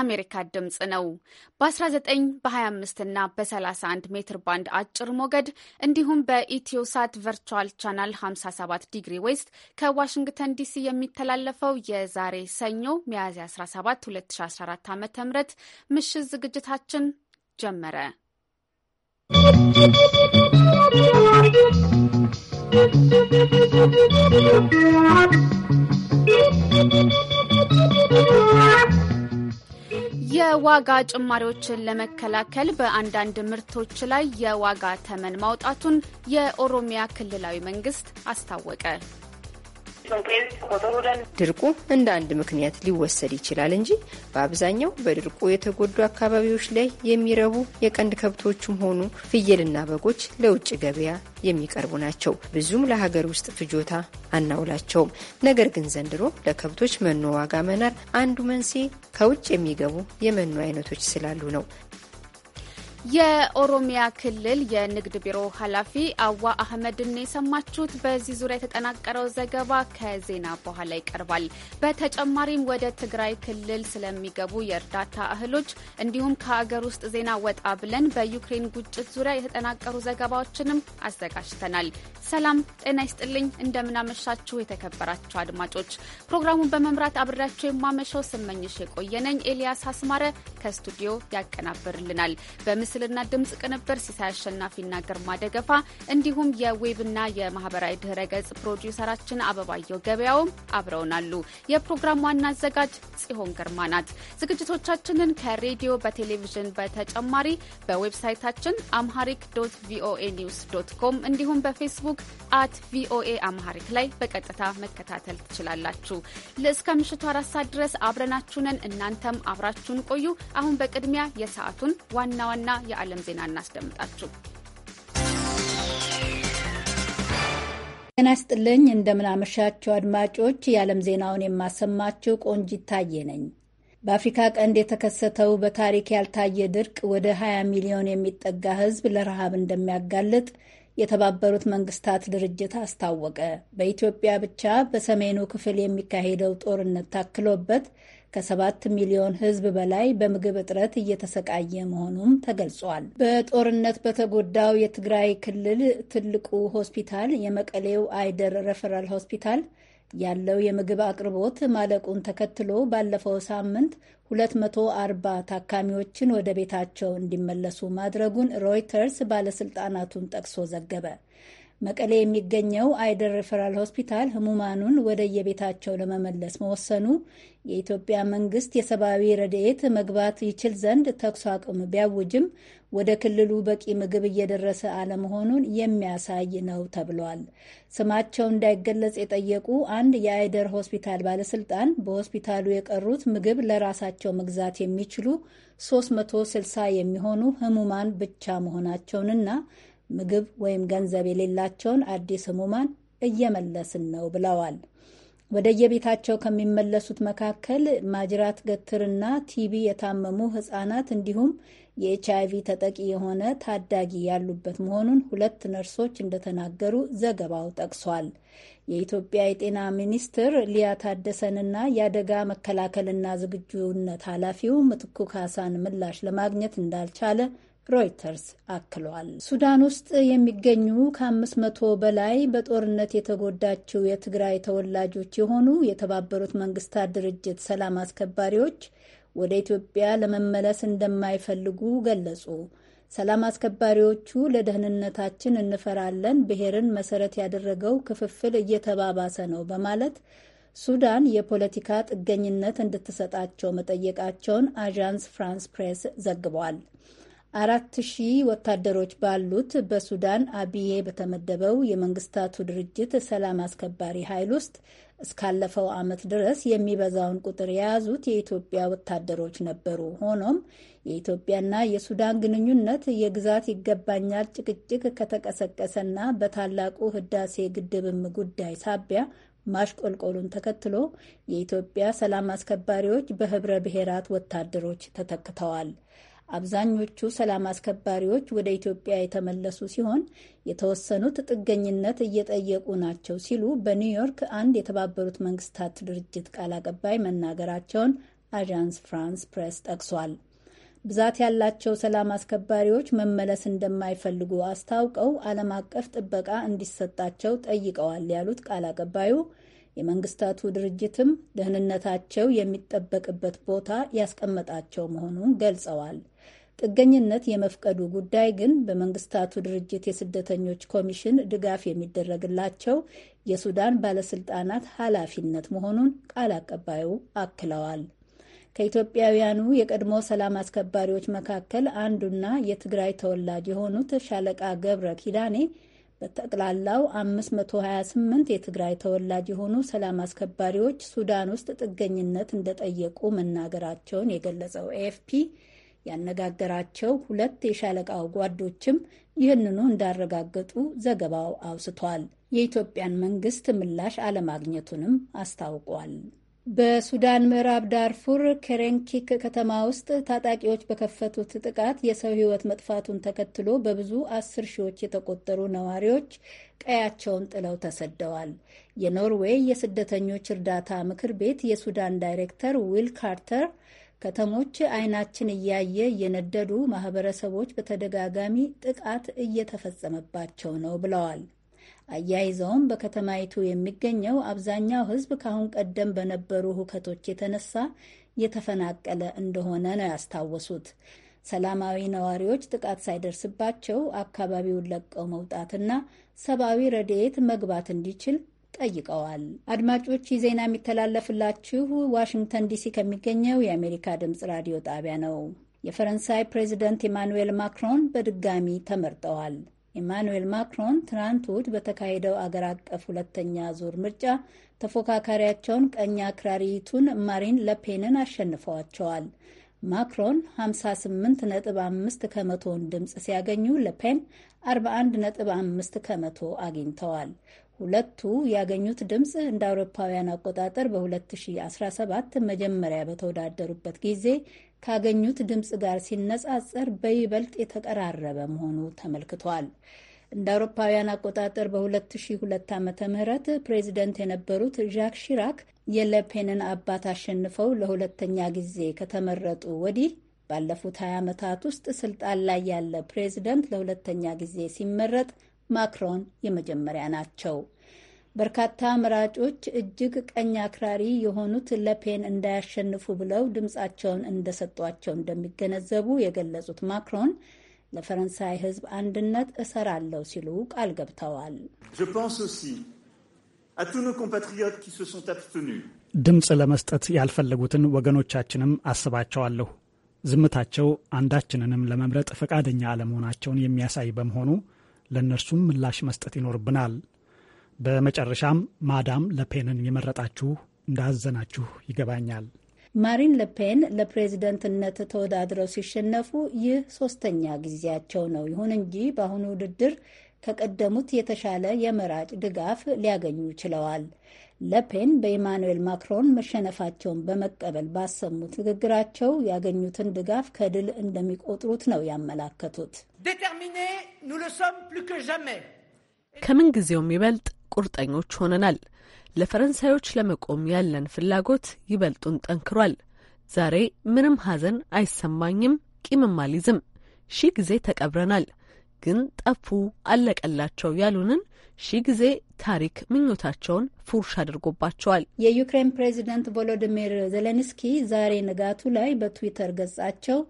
የአሜሪካ ድምፅ ነው። በ19 በ25 እና በ31 ሜትር ባንድ አጭር ሞገድ እንዲሁም በኢትዮሳት ቨርቹዋል ቻናል 57 ዲግሪ ዌስት ከዋሽንግተን ዲሲ የሚተላለፈው የዛሬ ሰኞ ሚያዝያ 17 2014 ዓ ም ምሽት ዝግጅታችን ጀመረ። ¶¶ የዋጋ ጭማሪዎችን ለመከላከል በአንዳንድ ምርቶች ላይ የዋጋ ተመን ማውጣቱን የኦሮሚያ ክልላዊ መንግስት አስታወቀ። ድርቁ እንደ አንድ ምክንያት ሊወሰድ ይችላል እንጂ በአብዛኛው በድርቁ የተጎዱ አካባቢዎች ላይ የሚረቡ የቀንድ ከብቶችም ሆኑ ፍየልና በጎች ለውጭ ገበያ የሚቀርቡ ናቸው። ብዙም ለሀገር ውስጥ ፍጆታ አናውላቸውም። ነገር ግን ዘንድሮ ለከብቶች መኖ ዋጋ መናር አንዱ መንስኤ ከውጭ የሚገቡ የመኖ አይነቶች ስላሉ ነው። የኦሮሚያ ክልል የንግድ ቢሮ ኃላፊ አዋ አህመድን የሰማችሁት። በዚህ ዙሪያ የተጠናቀረው ዘገባ ከዜና በኋላ ይቀርባል። በተጨማሪም ወደ ትግራይ ክልል ስለሚገቡ የእርዳታ እህሎች እንዲሁም ከአገር ውስጥ ዜና ወጣ ብለን በዩክሬን ግጭት ዙሪያ የተጠናቀሩ ዘገባዎችንም አዘጋጅተናል። ሰላም ጤና ይስጥልኝ፣ እንደምናመሻችሁ የተከበራችሁ አድማጮች። ፕሮግራሙን በመምራት አብሬያቸው የማመሸው ስመኝሽ የቆየነኝ። ኤልያስ አስማረ ከስቱዲዮ ያቀናብርልናል። የምስልና ድምፅ ቅንብር ሲሳይ አሸናፊና ግርማ ደገፋ እንዲሁም የዌብና የማህበራዊ ድህረ ገጽ ፕሮዲውሰራችን አበባየው ገበያውም አብረውናሉ። የፕሮግራም ዋና አዘጋጅ ጽሆን ግርማ ናት። ዝግጅቶቻችንን ከሬዲዮ በቴሌቪዥን በተጨማሪ በዌብሳይታችን አምሃሪክ ዶት ቪኦኤ ኒውስ ዶት ኮም እንዲሁም በፌስቡክ አት ቪኦኤ አምሃሪክ ላይ በቀጥታ መከታተል ትችላላችሁ። እስከ ምሽቱ አራት ሰዓት ድረስ አብረናችሁንን እናንተም አብራችሁን ቆዩ። አሁን በቅድሚያ የሰዓቱን ዋና ዋና የዓለም ዜና እናስደምጣችሁ። ጤና ይስጥልኝ። እንደምናመሻችሁ አድማጮች፣ የዓለም ዜናውን የማሰማችው ቆንጂት ታዬ ነኝ። በአፍሪካ ቀንድ የተከሰተው በታሪክ ያልታየ ድርቅ ወደ 20 ሚሊዮን የሚጠጋ ሕዝብ ለረሃብ እንደሚያጋልጥ የተባበሩት መንግስታት ድርጅት አስታወቀ። በኢትዮጵያ ብቻ በሰሜኑ ክፍል የሚካሄደው ጦርነት ታክሎበት ከሰባት ሚሊዮን ሕዝብ በላይ በምግብ እጥረት እየተሰቃየ መሆኑም ተገልጿል። በጦርነት በተጎዳው የትግራይ ክልል ትልቁ ሆስፒታል የመቀሌው አይደር ሬፈራል ሆስፒታል ያለው የምግብ አቅርቦት ማለቁን ተከትሎ ባለፈው ሳምንት 240 ታካሚዎችን ወደ ቤታቸው እንዲመለሱ ማድረጉን ሮይተርስ ባለስልጣናቱን ጠቅሶ ዘገበ። መቀሌ የሚገኘው አይደር ሪፈራል ሆስፒታል ህሙማኑን ወደ የቤታቸው ለመመለስ መወሰኑ የኢትዮጵያ መንግስት የሰብአዊ ረድኤት መግባት ይችል ዘንድ ተኩስ አቁም ቢያውጅም ወደ ክልሉ በቂ ምግብ እየደረሰ አለመሆኑን የሚያሳይ ነው ተብሏል። ስማቸው እንዳይገለጽ የጠየቁ አንድ የአይደር ሆስፒታል ባለስልጣን በሆስፒታሉ የቀሩት ምግብ ለራሳቸው መግዛት የሚችሉ 360 የሚሆኑ ህሙማን ብቻ መሆናቸውንና ምግብ ወይም ገንዘብ የሌላቸውን አዲስ ህሙማን እየመለስን ነው ብለዋል። ወደየቤታቸው ከሚመለሱት መካከል ማጅራት ገትርና ቲቢ የታመሙ ህጻናት እንዲሁም የኤች አይቪ ተጠቂ የሆነ ታዳጊ ያሉበት መሆኑን ሁለት ነርሶች እንደተናገሩ ዘገባው ጠቅሷል። የኢትዮጵያ የጤና ሚኒስትር ሊያ ታደሰንና የአደጋ መከላከልና ዝግጁነት ኃላፊው ምትኩ ካሳን ምላሽ ለማግኘት እንዳልቻለ ሮይተርስ አክሏል። ሱዳን ውስጥ የሚገኙ ከአምስት መቶ በላይ በጦርነት የተጎዳችው የትግራይ ተወላጆች የሆኑ የተባበሩት መንግስታት ድርጅት ሰላም አስከባሪዎች ወደ ኢትዮጵያ ለመመለስ እንደማይፈልጉ ገለጹ። ሰላም አስከባሪዎቹ ለደህንነታችን እንፈራለን፣ ብሔርን መሰረት ያደረገው ክፍፍል እየተባባሰ ነው በማለት ሱዳን የፖለቲካ ጥገኝነት እንድትሰጣቸው መጠየቃቸውን አዣንስ ፍራንስ ፕሬስ ዘግቧል። አራት ሺህ ወታደሮች ባሉት በሱዳን አብዬ በተመደበው የመንግስታቱ ድርጅት ሰላም አስከባሪ ኃይል ውስጥ እስካለፈው ዓመት ድረስ የሚበዛውን ቁጥር የያዙት የኢትዮጵያ ወታደሮች ነበሩ። ሆኖም የኢትዮጵያና የሱዳን ግንኙነት የግዛት ይገባኛል ጭቅጭቅ ከተቀሰቀሰና በታላቁ ህዳሴ ግድብም ጉዳይ ሳቢያ ማሽቆልቆሉን ተከትሎ የኢትዮጵያ ሰላም አስከባሪዎች በህብረ ብሔራት ወታደሮች ተተክተዋል። አብዛኞቹ ሰላም አስከባሪዎች ወደ ኢትዮጵያ የተመለሱ ሲሆን የተወሰኑት ጥገኝነት እየጠየቁ ናቸው ሲሉ በኒውዮርክ አንድ የተባበሩት መንግስታት ድርጅት ቃል አቀባይ መናገራቸውን አዣንስ ፍራንስ ፕሬስ ጠቅሷል። ብዛት ያላቸው ሰላም አስከባሪዎች መመለስ እንደማይፈልጉ አስታውቀው ዓለም አቀፍ ጥበቃ እንዲሰጣቸው ጠይቀዋል ያሉት ቃል አቀባዩ የመንግስታቱ ድርጅትም ደህንነታቸው የሚጠበቅበት ቦታ ያስቀመጣቸው መሆኑን ገልጸዋል። ጥገኝነት የመፍቀዱ ጉዳይ ግን በመንግስታቱ ድርጅት የስደተኞች ኮሚሽን ድጋፍ የሚደረግላቸው የሱዳን ባለስልጣናት ኃላፊነት መሆኑን ቃል አቀባዩ አክለዋል። ከኢትዮጵያውያኑ የቀድሞ ሰላም አስከባሪዎች መካከል አንዱና የትግራይ ተወላጅ የሆኑት ሻለቃ ገብረ ኪዳኔ በጠቅላላው 528 የትግራይ ተወላጅ የሆኑ ሰላም አስከባሪዎች ሱዳን ውስጥ ጥገኝነት እንደጠየቁ መናገራቸውን የገለጸው ኤኤፍፒ ያነጋገራቸው ሁለት የሻለቃው ጓዶችም ይህንኑ እንዳረጋገጡ ዘገባው አውስቷል። የኢትዮጵያን መንግስት ምላሽ አለማግኘቱንም አስታውቋል። በሱዳን ምዕራብ ዳርፉር ኬሬንኪክ ከተማ ውስጥ ታጣቂዎች በከፈቱት ጥቃት የሰው ሕይወት መጥፋቱን ተከትሎ በብዙ አስር ሺዎች የተቆጠሩ ነዋሪዎች ቀያቸውን ጥለው ተሰደዋል። የኖርዌይ የስደተኞች እርዳታ ምክር ቤት የሱዳን ዳይሬክተር ዊል ካርተር ከተሞች አይናችን እያየ እየነደዱ ማህበረሰቦች በተደጋጋሚ ጥቃት እየተፈጸመባቸው ነው ብለዋል። አያይዘውም በከተማይቱ የሚገኘው አብዛኛው ሕዝብ ከአሁን ቀደም በነበሩ ሁከቶች የተነሳ የተፈናቀለ እንደሆነ ነው ያስታወሱት። ሰላማዊ ነዋሪዎች ጥቃት ሳይደርስባቸው አካባቢውን ለቀው መውጣትና ሰብአዊ ረድኤት መግባት እንዲችል ጠይቀዋል። አድማጮች ዜና የሚተላለፍላችሁ ዋሽንግተን ዲሲ ከሚገኘው የአሜሪካ ድምጽ ራዲዮ ጣቢያ ነው። የፈረንሳይ ፕሬዚደንት ኢማኑኤል ማክሮን በድጋሚ ተመርጠዋል። ኢማኑኤል ማክሮን ትናንት እሁድ በተካሄደው አገር አቀፍ ሁለተኛ ዙር ምርጫ ተፎካካሪያቸውን ቀኝ አክራሪቱን ማሪን ለፔንን አሸንፈዋቸዋል። ማክሮን 5 ከመቶውን ድምፅ ሲያገኙ ለፔን 41.5 ከመቶ አግኝተዋል። ሁለቱ ያገኙት ድምፅ እንደ አውሮፓውያን አቆጣጠር በ2017 መጀመሪያ በተወዳደሩበት ጊዜ ካገኙት ድምፅ ጋር ሲነጻጸር በይበልጥ የተቀራረበ መሆኑ ተመልክቷል። እንደ አውሮፓውያን አቆጣጠር በ2002 ዓ ም ፕሬዚደንት የነበሩት ዣክ ሺራክ የለፔንን አባት አሸንፈው ለሁለተኛ ጊዜ ከተመረጡ ወዲህ ባለፉት 20 ዓመታት ውስጥ ስልጣን ላይ ያለ ፕሬዚደንት ለሁለተኛ ጊዜ ሲመረጥ ማክሮን የመጀመሪያ ናቸው። በርካታ መራጮች እጅግ ቀኝ አክራሪ የሆኑት ለፔን እንዳያሸንፉ ብለው ድምፃቸውን እንደሰጧቸው እንደሚገነዘቡ የገለጹት ማክሮን ለፈረንሳይ ሕዝብ አንድነት እሰራለሁ ሲሉ ቃል ገብተዋል። ድምፅ ለመስጠት ያልፈለጉትን ወገኖቻችንም አስባቸዋለሁ። ዝምታቸው አንዳችንንም ለመምረጥ ፈቃደኛ አለመሆናቸውን የሚያሳይ በመሆኑ ለእነርሱም ምላሽ መስጠት ይኖርብናል። በመጨረሻም ማዳም ለፔንን የመረጣችሁ እንዳዘናችሁ ይገባኛል። ማሪን ለፔን ለፕሬዝደንትነት ተወዳድረው ሲሸነፉ ይህ ሶስተኛ ጊዜያቸው ነው። ይሁን እንጂ በአሁኑ ውድድር ከቀደሙት የተሻለ የመራጭ ድጋፍ ሊያገኙ ችለዋል። ለፔን በኢማኑኤል ማክሮን መሸነፋቸውን በመቀበል ባሰሙት ንግግራቸው ያገኙትን ድጋፍ ከድል እንደሚቆጥሩት ነው ያመላከቱት። ከምንጊዜውም ይበልጥ ቁርጠኞች ሆነናል። ለፈረንሳዮች ለመቆም ያለን ፍላጎት ይበልጡን ጠንክሯል። ዛሬ ምንም ሐዘን አይሰማኝም፣ ቂምም አልይዝም። ሺህ ጊዜ ተቀብረናል፣ ግን ጠፉ አለቀላቸው ያሉንን ሺህ ጊዜ ታሪክ ምኞታቸውን ፉርሽ አድርጎባቸዋል። የዩክሬን ፕሬዚደንት ቮሎዲሚር ዘሌንስኪ ዛሬ ንጋቱ ላይ በትዊተር ገጻቸው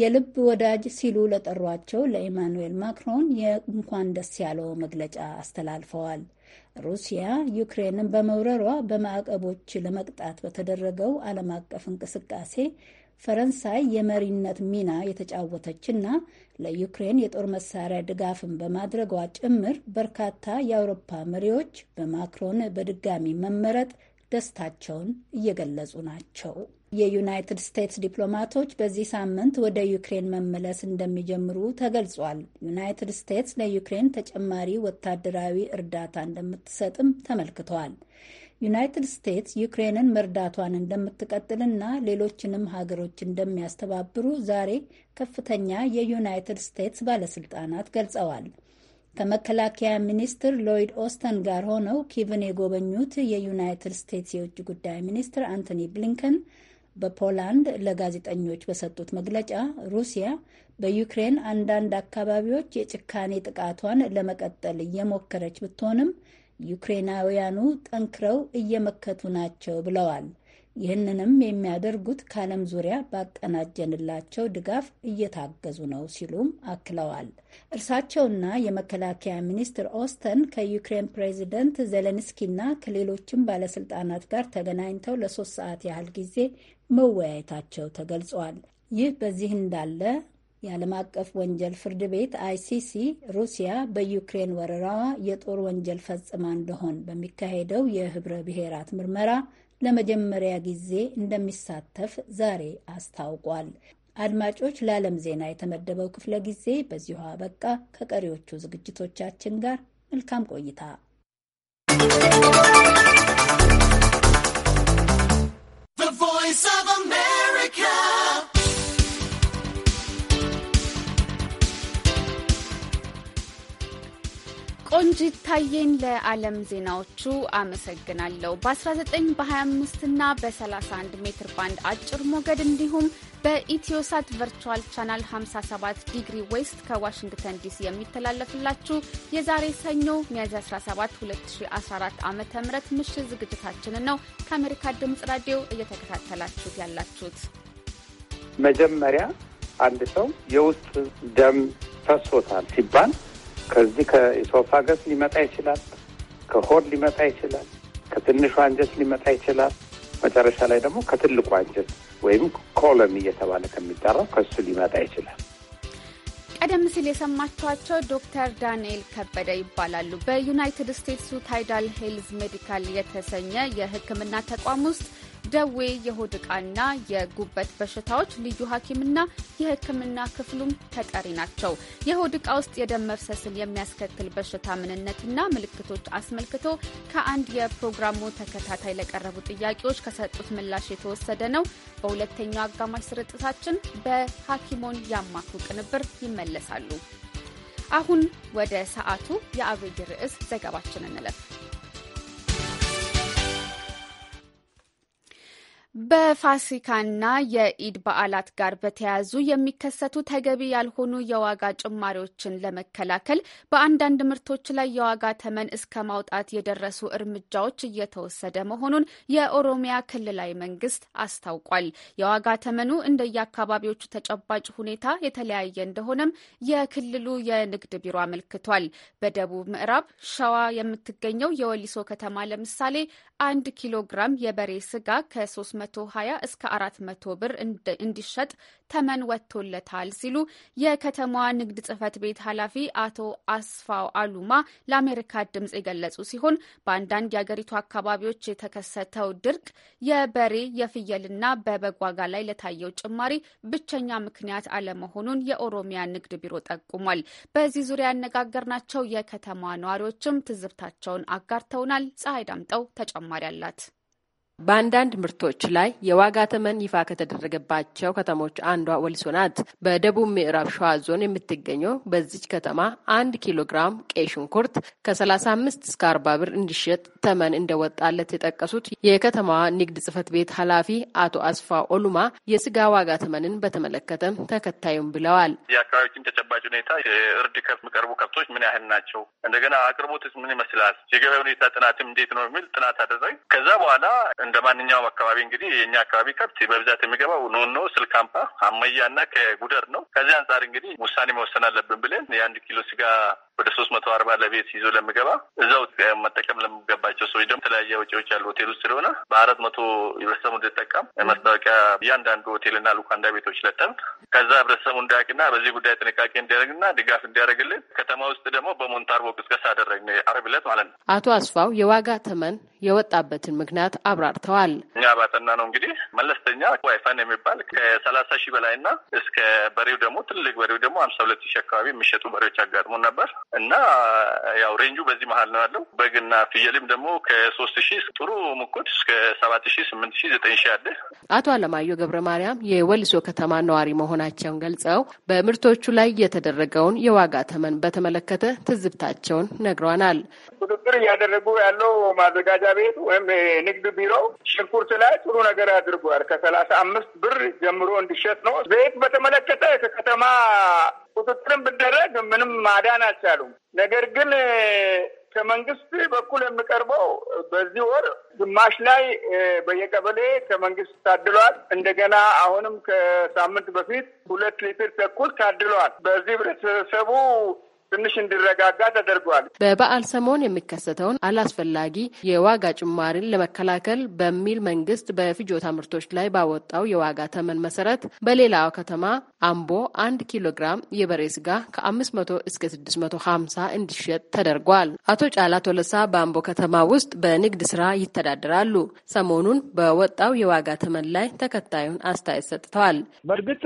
የልብ ወዳጅ ሲሉ ለጠሯቸው ለኢማኑኤል ማክሮን የእንኳን ደስ ያለው መግለጫ አስተላልፈዋል። ሩሲያ ዩክሬንን በመውረሯ በማዕቀቦች ለመቅጣት በተደረገው ዓለም አቀፍ እንቅስቃሴ ፈረንሳይ የመሪነት ሚና የተጫወተችና ለዩክሬን የጦር መሳሪያ ድጋፍን በማድረጓ ጭምር በርካታ የአውሮፓ መሪዎች በማክሮን በድጋሚ መመረጥ ደስታቸውን እየገለጹ ናቸው። የዩናይትድ ስቴትስ ዲፕሎማቶች በዚህ ሳምንት ወደ ዩክሬን መመለስ እንደሚጀምሩ ተገልጿል። ዩናይትድ ስቴትስ ለዩክሬን ተጨማሪ ወታደራዊ እርዳታ እንደምትሰጥም ተመልክተዋል። ዩናይትድ ስቴትስ ዩክሬንን መርዳቷን እንደምትቀጥልና ሌሎችንም ሀገሮች እንደሚያስተባብሩ ዛሬ ከፍተኛ የዩናይትድ ስቴትስ ባለስልጣናት ገልጸዋል። ከመከላከያ ሚኒስትር ሎይድ ኦስተን ጋር ሆነው ኪቭን የጎበኙት የዩናይትድ ስቴትስ የውጭ ጉዳይ ሚኒስትር አንቶኒ ብሊንከን በፖላንድ ለጋዜጠኞች በሰጡት መግለጫ ሩሲያ በዩክሬን አንዳንድ አካባቢዎች የጭካኔ ጥቃቷን ለመቀጠል እየሞከረች ብትሆንም ዩክሬናውያኑ ጠንክረው እየመከቱ ናቸው ብለዋል። ይህንንም የሚያደርጉት ከዓለም ዙሪያ ባቀናጀንላቸው ድጋፍ እየታገዙ ነው ሲሉም አክለዋል። እርሳቸውና የመከላከያ ሚኒስትር ኦስተን ከዩክሬን ፕሬዚደንት ዜሌንስኪና ከሌሎችም ባለስልጣናት ጋር ተገናኝተው ለሶስት ሰዓት ያህል ጊዜ መወያየታቸው ተገልጿል። ይህ በዚህ እንዳለ የዓለም አቀፍ ወንጀል ፍርድ ቤት አይሲሲ ሩሲያ በዩክሬን ወረራዋ የጦር ወንጀል ፈጽማ እንደሆን በሚካሄደው የህብረ ብሔራት ምርመራ ለመጀመሪያ ጊዜ እንደሚሳተፍ ዛሬ አስታውቋል። አድማጮች፣ ለዓለም ዜና የተመደበው ክፍለ ጊዜ በዚሁ አበቃ። ከቀሪዎቹ ዝግጅቶቻችን ጋር መልካም ቆይታ። ቮይስ ኦፍ አሜሪካ ቆንጂት ታዬን ለዓለም ዜናዎቹ አመሰግናለሁ። በ19 በ25 እና በ31 ሜትር ባንድ አጭር ሞገድ እንዲሁም በኢትዮሳት ቨርቹዋል ቻናል 57 ዲግሪ ዌስት ከዋሽንግተን ዲሲ የሚተላለፍላችሁ የዛሬ ሰኞ ሚያዝያ 17 2014 ዓ ም ምሽት ዝግጅታችንን ነው ከአሜሪካ ድምፅ ራዲዮ እየተከታተላችሁት ያላችሁት። መጀመሪያ አንድ ሰው የውስጥ ደም ፈሶታል ሲባል ከዚህ ከኢሶፋገስ ሊመጣ ይችላል፣ ከሆድ ሊመጣ ይችላል፣ ከትንሹ አንጀት ሊመጣ ይችላል። መጨረሻ ላይ ደግሞ ከትልቁ አንጀት ወይም ኮለም እየተባለ ከሚጠራው ከሱ ሊመጣ ይችላል። ቀደም ሲል የሰማችኋቸው ዶክተር ዳንኤል ከበደ ይባላሉ። በዩናይትድ ስቴትሱ ታይዳል ሄልዝ ሜዲካል የተሰኘ የሕክምና ተቋም ውስጥ ደዌ፣ የሆድ ዕቃና የጉበት በሽታዎች ልዩ ሐኪምና የሕክምና ክፍሉም ተጠሪ ናቸው። የሆድ ዕቃ ውስጥ የደም መፍሰስን የሚያስከትል በሽታ ምንነትና ምልክቶች አስመልክቶ ከአንድ የፕሮግራሙ ተከታታይ ለቀረቡ ጥያቄዎች ከሰጡት ምላሽ የተወሰደ ነው። በሁለተኛው አጋማሽ ስርጭታችን በሐኪሞን ያማኩ ቅንብር ይመለሳሉ። አሁን ወደ ሰዓቱ የአብይ ርዕስ ዘገባችን እንለፍ። በፋሲካና የኢድ በዓላት ጋር በተያያዙ የሚከሰቱ ተገቢ ያልሆኑ የዋጋ ጭማሪዎችን ለመከላከል በአንዳንድ ምርቶች ላይ የዋጋ ተመን እስከ ማውጣት የደረሱ እርምጃዎች እየተወሰደ መሆኑን የኦሮሚያ ክልላዊ መንግስት አስታውቋል። የዋጋ ተመኑ እንደየአካባቢዎቹ ተጨባጭ ሁኔታ የተለያየ እንደሆነም የክልሉ የንግድ ቢሮ አመልክቷል። በደቡብ ምዕራብ ሸዋ የምትገኘው የወሊሶ ከተማ ለምሳሌ አንድ ኪሎ ግራም የበሬ ስጋ ከ ከ እስከ 400 ብር እንዲሸጥ ተመን ወጥቶለታል ሲሉ የከተማዋ ንግድ ጽህፈት ቤት ኃላፊ አቶ አስፋው አሉማ ለአሜሪካ ድምጽ የገለጹ ሲሆን በአንዳንድ የአገሪቱ አካባቢዎች የተከሰተው ድርቅ የበሬ የፍየልና በበግ ዋጋ ላይ ለታየው ጭማሪ ብቸኛ ምክንያት አለመሆኑን የኦሮሚያ ንግድ ቢሮ ጠቁሟል። በዚህ ዙሪያ ያነጋገርናቸው የከተማ ነዋሪዎችም ትዝብታቸውን አጋርተውናል። ፀሐይ ዳምጠው ተጨማሪ አላት። በአንዳንድ ምርቶች ላይ የዋጋ ተመን ይፋ ከተደረገባቸው ከተሞች አንዷ ወሊሶ ናት። በደቡብ ምዕራብ ሸዋ ዞን የምትገኘው በዚች ከተማ አንድ ኪሎ ግራም ቀይ ሽንኩርት ከ35 እስከ 40 ብር እንዲሸጥ ተመን እንደወጣለት የጠቀሱት የከተማዋ ንግድ ጽሕፈት ቤት ኃላፊ አቶ አስፋ ኦሉማ የስጋ ዋጋ ተመንን በተመለከተም ተከታዩም ብለዋል። የአካባቢዎችን ተጨባጭ ሁኔታ የእርድ ከብት የሚቀርቡ ከብቶች ምን ያህል ናቸው፣ እንደገና አቅርቦትስ ምን ይመስላል፣ የገበያ ሁኔታ ጥናትም እንዴት ነው የሚል ጥናት አደረግ ከዛ በኋላ እንደ ማንኛውም አካባቢ እንግዲህ የኛ አካባቢ ከብት በብዛት የሚገባው ኖኖ፣ ስልካምፓ፣ አመያ እና ከጉደር ነው። ከዚህ አንጻር እንግዲህ ውሳኔ መወሰን አለብን ብለን የአንድ ኪሎ ስጋ ወደ ሶስት መቶ አርባ ለቤት ይዞ ለሚገባ እዛው መጠቀም ለሚገባቸው ሰዎች ደግሞ የተለያየ ወጪዎች ያሉ ሆቴል ውስጥ ስለሆነ በአራት መቶ ህብረተሰቡ እንዲጠቀም ማስታወቂያ እያንዳንዱ ሆቴልና ሉካንዳ ቤቶች ለጠም ከዛ ህብረተሰቡ እንዳያውቅና በዚህ ጉዳይ ጥንቃቄ እንዲያደርግና ድጋፍ እንዲያደርግልን ከተማ ውስጥ ደግሞ በሞንታርቦ ቅስቀሳ አደረግ አርብ ዕለት ማለት ነው። አቶ አስፋው የዋጋ ተመን የወጣበትን ምክንያት አብራርተዋል። እኛ ባጠና ነው እንግዲህ መለስተኛ ዋይፋን የሚባል ከሰላሳ ሺህ በላይና እስከ በሬው ደግሞ ትልቅ በሬው ደግሞ ሀምሳ ሁለት ሺህ አካባቢ የሚሸጡ በሬዎች አጋጥሞ ነበር። እና ያው ሬንጁ በዚህ መሀል ነው ያለው። በግና ፍየልም ደግሞ ከሶስት ሺ ጥሩ ሙኮች እስከ ሰባት ሺ ስምንት ሺ ዘጠኝ ሺ አለ። አቶ አለማየሁ ገብረ ማርያም የወልሶ ከተማ ነዋሪ መሆናቸውን ገልጸው በምርቶቹ ላይ የተደረገውን የዋጋ ተመን በተመለከተ ትዝብታቸውን ነግሯናል። ቁጥጥር እያደረጉ ያለው ማዘጋጃ ቤት ወይም ንግድ ቢሮ ሽንኩርት ላይ ጥሩ ነገር አድርጓል። ከሰላሳ አምስት ብር ጀምሮ እንዲሸጥ ነው። ቤት በተመለከተ ከከተማ ቁጥጥርም ብደረግ ምንም ማዳን አልቻሉም። ነገር ግን ከመንግስት በኩል የሚቀርበው በዚህ ወር ግማሽ ላይ በየቀበሌ ከመንግስት ታድሏል። እንደገና አሁንም ከሳምንት በፊት ሁለት ሊትር ተኩል ታድሏል። በዚህ ህብረተሰቡ ትንሽ እንዲረጋጋ ተደርጓል። በበዓል ሰሞን የሚከሰተውን አላስፈላጊ የዋጋ ጭማሪን ለመከላከል በሚል መንግስት በፍጆታ ምርቶች ላይ ባወጣው የዋጋ ተመን መሰረት በሌላው ከተማ አምቦ አንድ ኪሎ ግራም የበሬ ስጋ ከ500 እስከ 650 እንዲሸጥ ተደርጓል። አቶ ጫላ ቶለሳ በአምቦ ከተማ ውስጥ በንግድ ስራ ይተዳደራሉ። ሰሞኑን በወጣው የዋጋ ተመን ላይ ተከታዩን አስተያየት ሰጥተዋል። በእርግጥ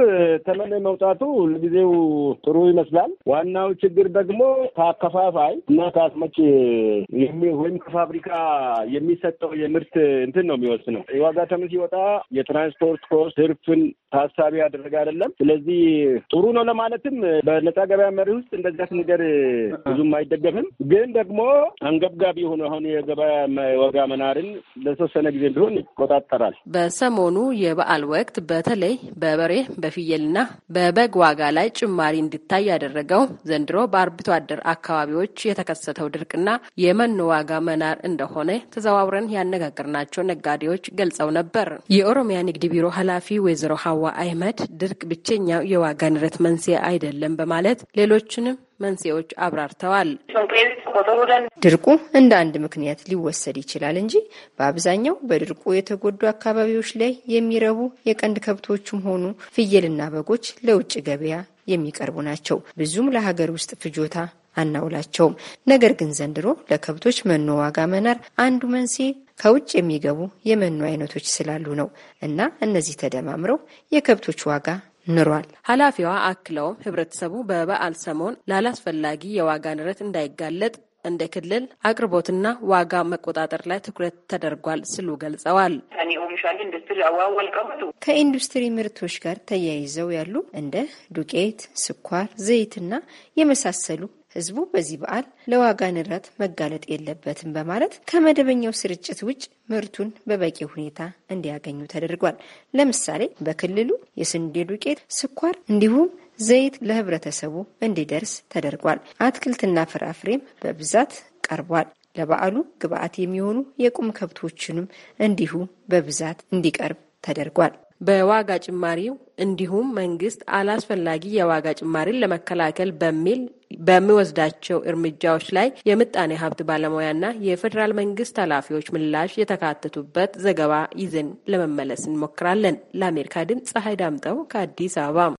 ተመን መውጣቱ ለጊዜው ጥሩ ይመስላል። ዋናው ችግር ደግሞ ከአከፋፋይ እና ከአስመጭ ወይም ከፋብሪካ የሚሰጠው የምርት እንትን ነው የሚወስነው። የዋጋ ተመን ሲወጣ የትራንስፖርት ኮስት ትርፍን ታሳቢ ያደረገ አይደለም። ስለዚህ ጥሩ ነው ለማለትም በነጻ ገበያ መሪ ውስጥ እንደዚያት ነገር ብዙም አይደገፍም። ግን ደግሞ አንገብጋቢ የሆነ አሁን የገበያ ዋጋ መናርን ለተወሰነ ጊዜ ቢሆን ይቆጣጠራል። በሰሞኑ የበዓል ወቅት በተለይ በበሬ በፍየልና በበግ ዋጋ ላይ ጭማሪ እንዲታይ ያደረገው ዘንድሮ በ በአርብቶ አደር አካባቢዎች የተከሰተው ድርቅና የመኖ ዋጋ መናር እንደሆነ ተዘዋውረን ያነጋገርናቸው ነጋዴዎች ገልጸው ነበር። የኦሮሚያ ንግድ ቢሮ ኃላፊ ወይዘሮ ሀዋ አህመድ ድርቅ ብቸኛው የዋጋ ንረት መንስኤ አይደለም በማለት ሌሎችንም መንስኤዎች አብራርተዋል። ድርቁ እንደ አንድ ምክንያት ሊወሰድ ይችላል እንጂ በአብዛኛው በድርቁ የተጎዱ አካባቢዎች ላይ የሚረቡ የቀንድ ከብቶችም ሆኑ ፍየልና በጎች ለውጭ ገበያ የሚቀርቡ ናቸው። ብዙም ለሀገር ውስጥ ፍጆታ አናውላቸውም። ነገር ግን ዘንድሮ ለከብቶች መኖ ዋጋ መናር አንዱ መንስኤ ከውጭ የሚገቡ የመኖ አይነቶች ስላሉ ነው እና እነዚህ ተደማምረው የከብቶች ዋጋ ንሯል። ኃላፊዋ አክለውም ህብረተሰቡ በበዓል ሰሞን ላላስፈላጊ የዋጋ ንረት እንዳይጋለጥ እንደ ክልል አቅርቦትና ዋጋ መቆጣጠር ላይ ትኩረት ተደርጓል ሲሉ ገልጸዋል። ከኢንዱስትሪ ምርቶች ጋር ተያይዘው ያሉ እንደ ዱቄት፣ ስኳር፣ ዘይትና የመሳሰሉ ህዝቡ በዚህ በዓል ለዋጋ ንረት መጋለጥ የለበትም በማለት ከመደበኛው ስርጭት ውጭ ምርቱን በበቂ ሁኔታ እንዲያገኙ ተደርጓል። ለምሳሌ በክልሉ የስንዴ ዱቄት፣ ስኳር እንዲሁም ዘይት ለህብረተሰቡ እንዲደርስ ተደርጓል። አትክልትና ፍራፍሬም በብዛት ቀርቧል። ለበዓሉ ግብአት የሚሆኑ የቁም ከብቶችንም እንዲሁ በብዛት እንዲቀርብ ተደርጓል። በዋጋ ጭማሪው እንዲሁም መንግስት አላስፈላጊ የዋጋ ጭማሪን ለመከላከል በሚል በሚወስዳቸው እርምጃዎች ላይ የምጣኔ ሀብት ባለሙያና የፌዴራል መንግስት ኃላፊዎች ምላሽ የተካተቱበት ዘገባ ይዘን ለመመለስ እንሞክራለን። ለአሜሪካ ድምፅ ፀሐይ ዳምጠው ከአዲስ አበባ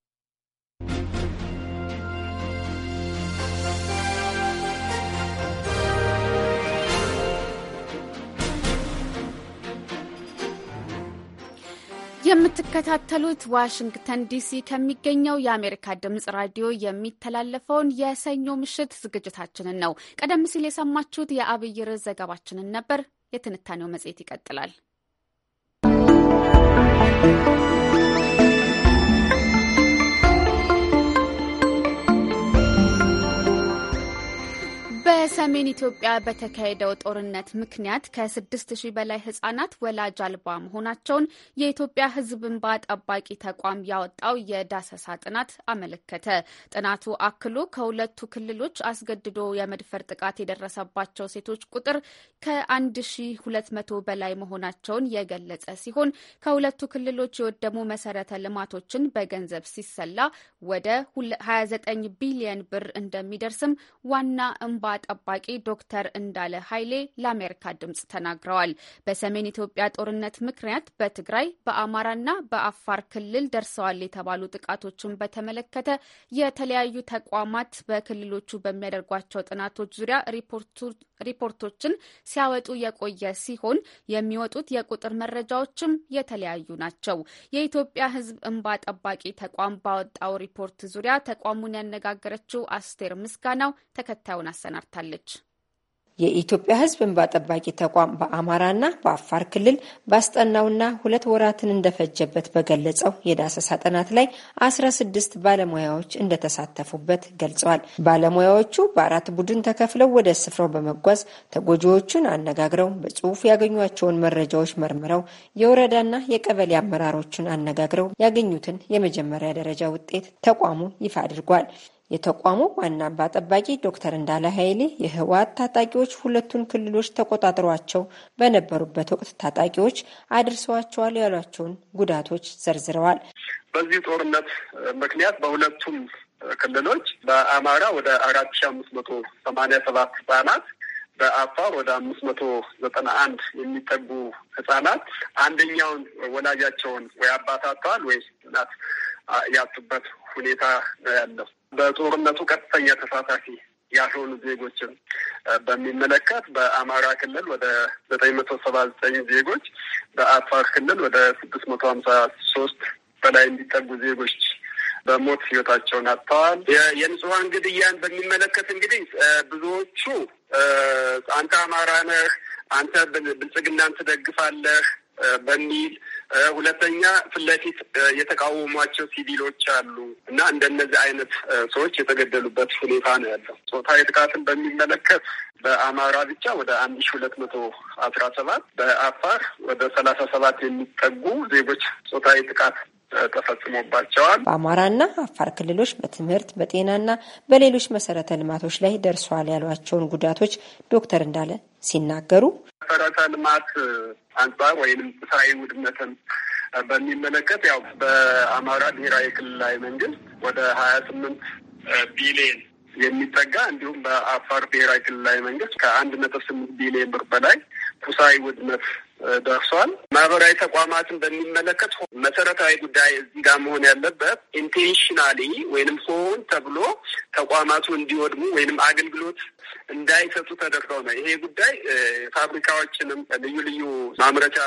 የምትከታተሉት ዋሽንግተን ዲሲ ከሚገኘው የአሜሪካ ድምጽ ራዲዮ የሚተላለፈውን የሰኞ ምሽት ዝግጅታችንን ነው። ቀደም ሲል የሰማችሁት የአብይ ዘገባችንን ነበር። የትንታኔው መጽሔት ይቀጥላል። በኢትዮጵያ በተካሄደው ጦርነት ምክንያት ከ6000 በላይ ህጻናት ወላጅ አልባ መሆናቸውን የኢትዮጵያ ህዝብ እንባ ጠባቂ ተቋም ያወጣው የዳሰሳ ጥናት አመለከተ። ጥናቱ አክሎ ከሁለቱ ክልሎች አስገድዶ የመድፈር ጥቃት የደረሰባቸው ሴቶች ቁጥር ከ1200 በላይ መሆናቸውን የገለጸ ሲሆን ከሁለቱ ክልሎች የወደሙ መሰረተ ልማቶችን በገንዘብ ሲሰላ ወደ 29 ቢሊየን ብር እንደሚደርስም ዋና እንባ ጠባቂ ዶክተር እንዳለ ኃይሌ ለአሜሪካ ድምጽ ተናግረዋል። በሰሜን ኢትዮጵያ ጦርነት ምክንያት በትግራይ በአማራና በአፋር ክልል ደርሰዋል የተባሉ ጥቃቶችን በተመለከተ የተለያዩ ተቋማት በክልሎቹ በሚያደርጓቸው ጥናቶች ዙሪያ ሪፖርቶችን ሲያወጡ የቆየ ሲሆን የሚወጡት የቁጥር መረጃዎችም የተለያዩ ናቸው። የኢትዮጵያ ሕዝብ እንባ ጠባቂ ተቋም ባወጣው ሪፖርት ዙሪያ ተቋሙን ያነጋገረችው አስቴር ምስጋናው ተከታዩን አሰናድታለች። የኢትዮጵያ ሕዝብ እንባ ጠባቂ ተቋም በአማራና በአፋር ክልል ባስጠናውና ሁለት ወራትን እንደፈጀበት በገለጸው የዳሰሳ ጥናት ላይ አስራ ስድስት ባለሙያዎች እንደተሳተፉበት ገልጸዋል። ባለሙያዎቹ በአራት ቡድን ተከፍለው ወደ ስፍራው በመጓዝ ተጎጂዎቹን አነጋግረው በጽሁፍ ያገኟቸውን መረጃዎች መርምረው የወረዳና የቀበሌ አመራሮችን አነጋግረው ያገኙትን የመጀመሪያ ደረጃ ውጤት ተቋሙ ይፋ አድርጓል። የተቋሙ ዋና አባ ጠባቂ ዶክተር እንዳለ ኃይሌ የህወሓት ታጣቂዎች ሁለቱን ክልሎች ተቆጣጥሯቸው በነበሩበት ወቅት ታጣቂዎች አድርሰዋቸዋል ያሏቸውን ጉዳቶች ዘርዝረዋል። በዚህ ጦርነት ምክንያት በሁለቱም ክልሎች በአማራ ወደ አራት ሺ አምስት መቶ ሰማኒያ ሰባት ህጻናት በአፋር ወደ አምስት መቶ ዘጠና አንድ የሚጠጉ ህጻናት አንደኛውን ወላጃቸውን ወይ አባታተዋል ወይ እናት ያጡበት ሁኔታ ነው ያለው። በጦርነቱ ቀጥተኛ ተሳታፊ ያልሆኑ ዜጎችን በሚመለከት በአማራ ክልል ወደ ዘጠኝ መቶ ሰባ ዘጠኝ ዜጎች በአፋር ክልል ወደ ስድስት መቶ ሀምሳ ሶስት በላይ እንዲጠጉ ዜጎች በሞት ህይወታቸውን አጥተዋል። የንጹሀን ግድያን በሚመለከት እንግዲህ ብዙዎቹ አንተ አማራ ነህ፣ አንተ ብልጽግናን ትደግፋለህ በሚል ሁለተኛ ፊት ለፊት የተቃወሟቸው ሲቪሎች አሉ እና እንደነዚህ አይነት ሰዎች የተገደሉበት ሁኔታ ነው ያለው። ጾታዊ ጥቃትን በሚመለከት በአማራ ብቻ ወደ አንድ ሺ ሁለት መቶ አስራ ሰባት በአፋር ወደ ሰላሳ ሰባት የሚጠጉ ዜጎች ጾታዊ ጥቃት ተፈጽሞባቸዋል። በአማራና አፋር ክልሎች በትምህርት በጤናና በሌሎች መሰረተ ልማቶች ላይ ደርሷል ያሏቸውን ጉዳቶች ዶክተር እንዳለ ሲናገሩ መሰረተ ልማት አንጻር ወይም ቁሳዊ ውድመትን በሚመለከት ያው በአማራ ብሔራዊ ክልላዊ መንግስት ወደ ሀያ ስምንት ቢሊየን የሚጠጋ እንዲሁም በአፋር ብሔራዊ ክልላዊ መንግስት ከአንድ ነጥብ ስምንት ቢሊየን ብር በላይ ቁሳዊ ውድመት ደርሷል። ማህበራዊ ተቋማትን በሚመለከት መሰረታዊ ጉዳይ እዚህ ጋር መሆን ያለበት ኢንቴንሽናሊ ወይንም ሆን ተብሎ ተቋማቱ እንዲወድሙ ወይንም አገልግሎት እንዳይሰጡ ተደርገው ነው። ይሄ ጉዳይ ፋብሪካዎችንም ልዩ ልዩ ማምረቻ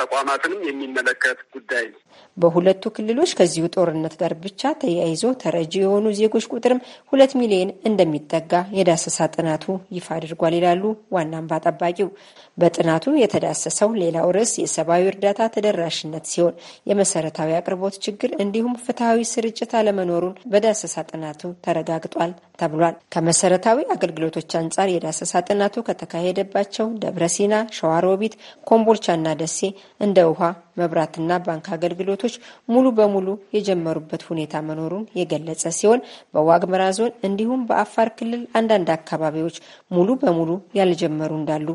ተቋማትንም የሚመለከት ጉዳይ ነው። በሁለቱ ክልሎች ከዚሁ ጦርነት ጋር ብቻ ተያይዞ ተረጂ የሆኑ ዜጎች ቁጥርም ሁለት ሚሊዮን እንደሚጠጋ የዳሰሳ ጥናቱ ይፋ አድርጓል ይላሉ ዋና አምባ ጠባቂው። በጥናቱ የተዳሰሰው ሌላው ርዕስ የሰብአዊ እርዳታ ተደራሽነት ሲሆን የመሰረታዊ አቅርቦት ችግር እንዲሁም ፍትሐዊ ስርጭት አለመኖሩን በዳሰሳ ጥናቱ ተረጋግጧል ተብሏል። ከመሰረታዊ አገልግሎት ምክንያቶች አንጻር የዳሰሳ ጥናቱ ከተካሄደባቸው ደብረ ሲና፣ ሸዋሮቢት፣ ኮምቦልቻና ደሴ እንደ ውሃ መብራትና ባንክ አገልግሎቶች ሙሉ በሙሉ የጀመሩበት ሁኔታ መኖሩን የገለጸ ሲሆን በዋግምራ ዞን እንዲሁም በአፋር ክልል አንዳንድ አካባቢዎች ሙሉ በሙሉ ያልጀመሩ እንዳሉ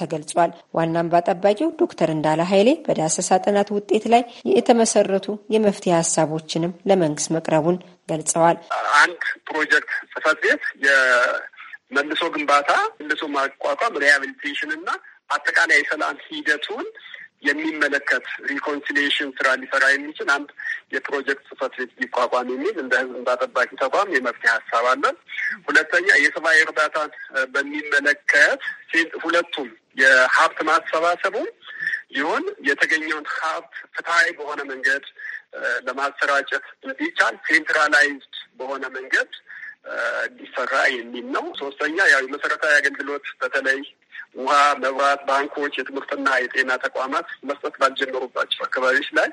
ተገልጿል። ዋና እንባ ጠባቂው ዶክተር እንዳለ ኃይሌ በዳሰሳ ጥናት ውጤት ላይ የተመሰረቱ የመፍትሄ ሀሳቦችንም ለመንግስት መቅረቡን ገልጸዋል። አንድ ፕሮጀክት ጽፈት ቤት መልሶ ግንባታ፣ መልሶ ማቋቋም፣ ሪሃብሊቴሽን እና አጠቃላይ የሰላም ሂደቱን የሚመለከት ሪኮንሲሊሽን ስራ ሊሰራ የሚችል አንድ የፕሮጀክት ጽህፈት ቤት ሊቋቋም የሚል እንደ ህዝብ እንባ ጠባቂ ተቋም የመፍትሄ ሀሳብ አለን። ሁለተኛ የሰብአዊ እርዳታን በሚመለከት ሁለቱም የሀብት ማሰባሰቡ ይሁን የተገኘውን ሀብት ፍትሀዊ በሆነ መንገድ ለማሰራጨት ይቻል ሴንትራላይዝድ በሆነ መንገድ እንዲሰራ የሚል ነው። ሶስተኛ ያው የመሰረታዊ አገልግሎት በተለይ ውሃ፣ መብራት፣ ባንኮች፣ የትምህርትና የጤና ተቋማት መስጠት ባልጀመሩባቸው አካባቢዎች ላይ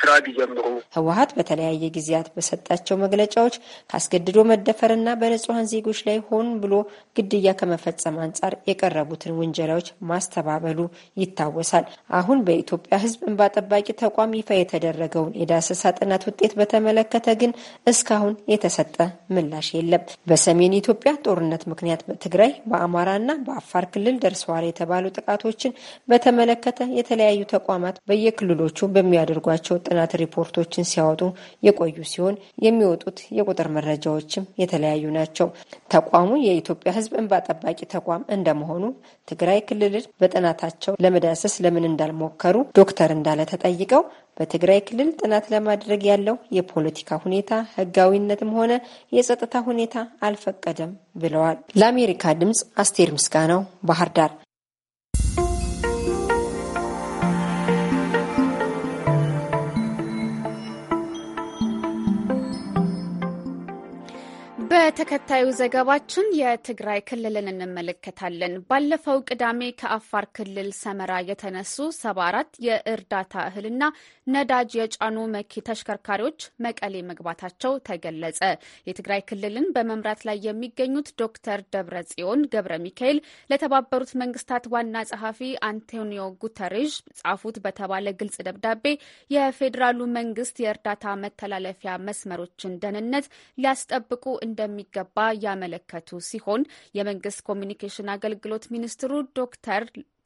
ስራ ቢጀምሩ። ህወሀት በተለያየ ጊዜያት በሰጣቸው መግለጫዎች ካስገድዶ መደፈርና በንጹሀን ዜጎች ላይ ሆን ብሎ ግድያ ከመፈጸም አንጻር የቀረቡትን ውንጀላዎች ማስተባበሉ ይታወሳል። አሁን በኢትዮጵያ ህዝብ እንባ ጠባቂ ተቋም ይፋ የተደረገውን የዳሰሳ ጥናት ውጤት በተመለከተ ግን እስካሁን የተሰጠ ምላሽ የለም። በሰሜን ኢትዮጵያ ጦርነት ምክንያት በትግራይ በአማራና በአፋር ክልል ክልል ደርሰዋል የተባሉ ጥቃቶችን በተመለከተ የተለያዩ ተቋማት በየክልሎቹ በሚያደርጓቸው ጥናት ሪፖርቶችን ሲያወጡ የቆዩ ሲሆን የሚወጡት የቁጥር መረጃዎችም የተለያዩ ናቸው። ተቋሙ የኢትዮጵያ ሕዝብ እንባ ጠባቂ ተቋም እንደመሆኑ ትግራይ ክልልን በጥናታቸው ለመዳሰስ ለምን እንዳልሞከሩ ዶክተር እንዳለ ተጠይቀው በትግራይ ክልል ጥናት ለማድረግ ያለው የፖለቲካ ሁኔታ ህጋዊነትም ሆነ የጸጥታ ሁኔታ አልፈቀደም ብለዋል። ለአሜሪካ ድምፅ አስቴር ምስጋናው ባህር ዳር በተከታዩ ዘገባችን የትግራይ ክልልን እንመለከታለን። ባለፈው ቅዳሜ ከአፋር ክልል ሰመራ የተነሱ ሰባ አራት የእርዳታ እህልና ነዳጅ የጫኑ መኪ ተሽከርካሪዎች መቀሌ መግባታቸው ተገለጸ። የትግራይ ክልልን በመምራት ላይ የሚገኙት ዶክተር ደብረ ጽዮን ገብረ ሚካኤል ለተባበሩት መንግስታት ዋና ጸሐፊ አንቶኒዮ ጉተሬዥ ጻፉት በተባለ ግልጽ ደብዳቤ የፌዴራሉ መንግስት የእርዳታ መተላለፊያ መስመሮችን ደህንነት ሊያስጠብቁ እንደሚ እንደሚገባ ያመለከቱ ሲሆን የመንግስት ኮሚኒኬሽን አገልግሎት ሚኒስትሩ ዶክተር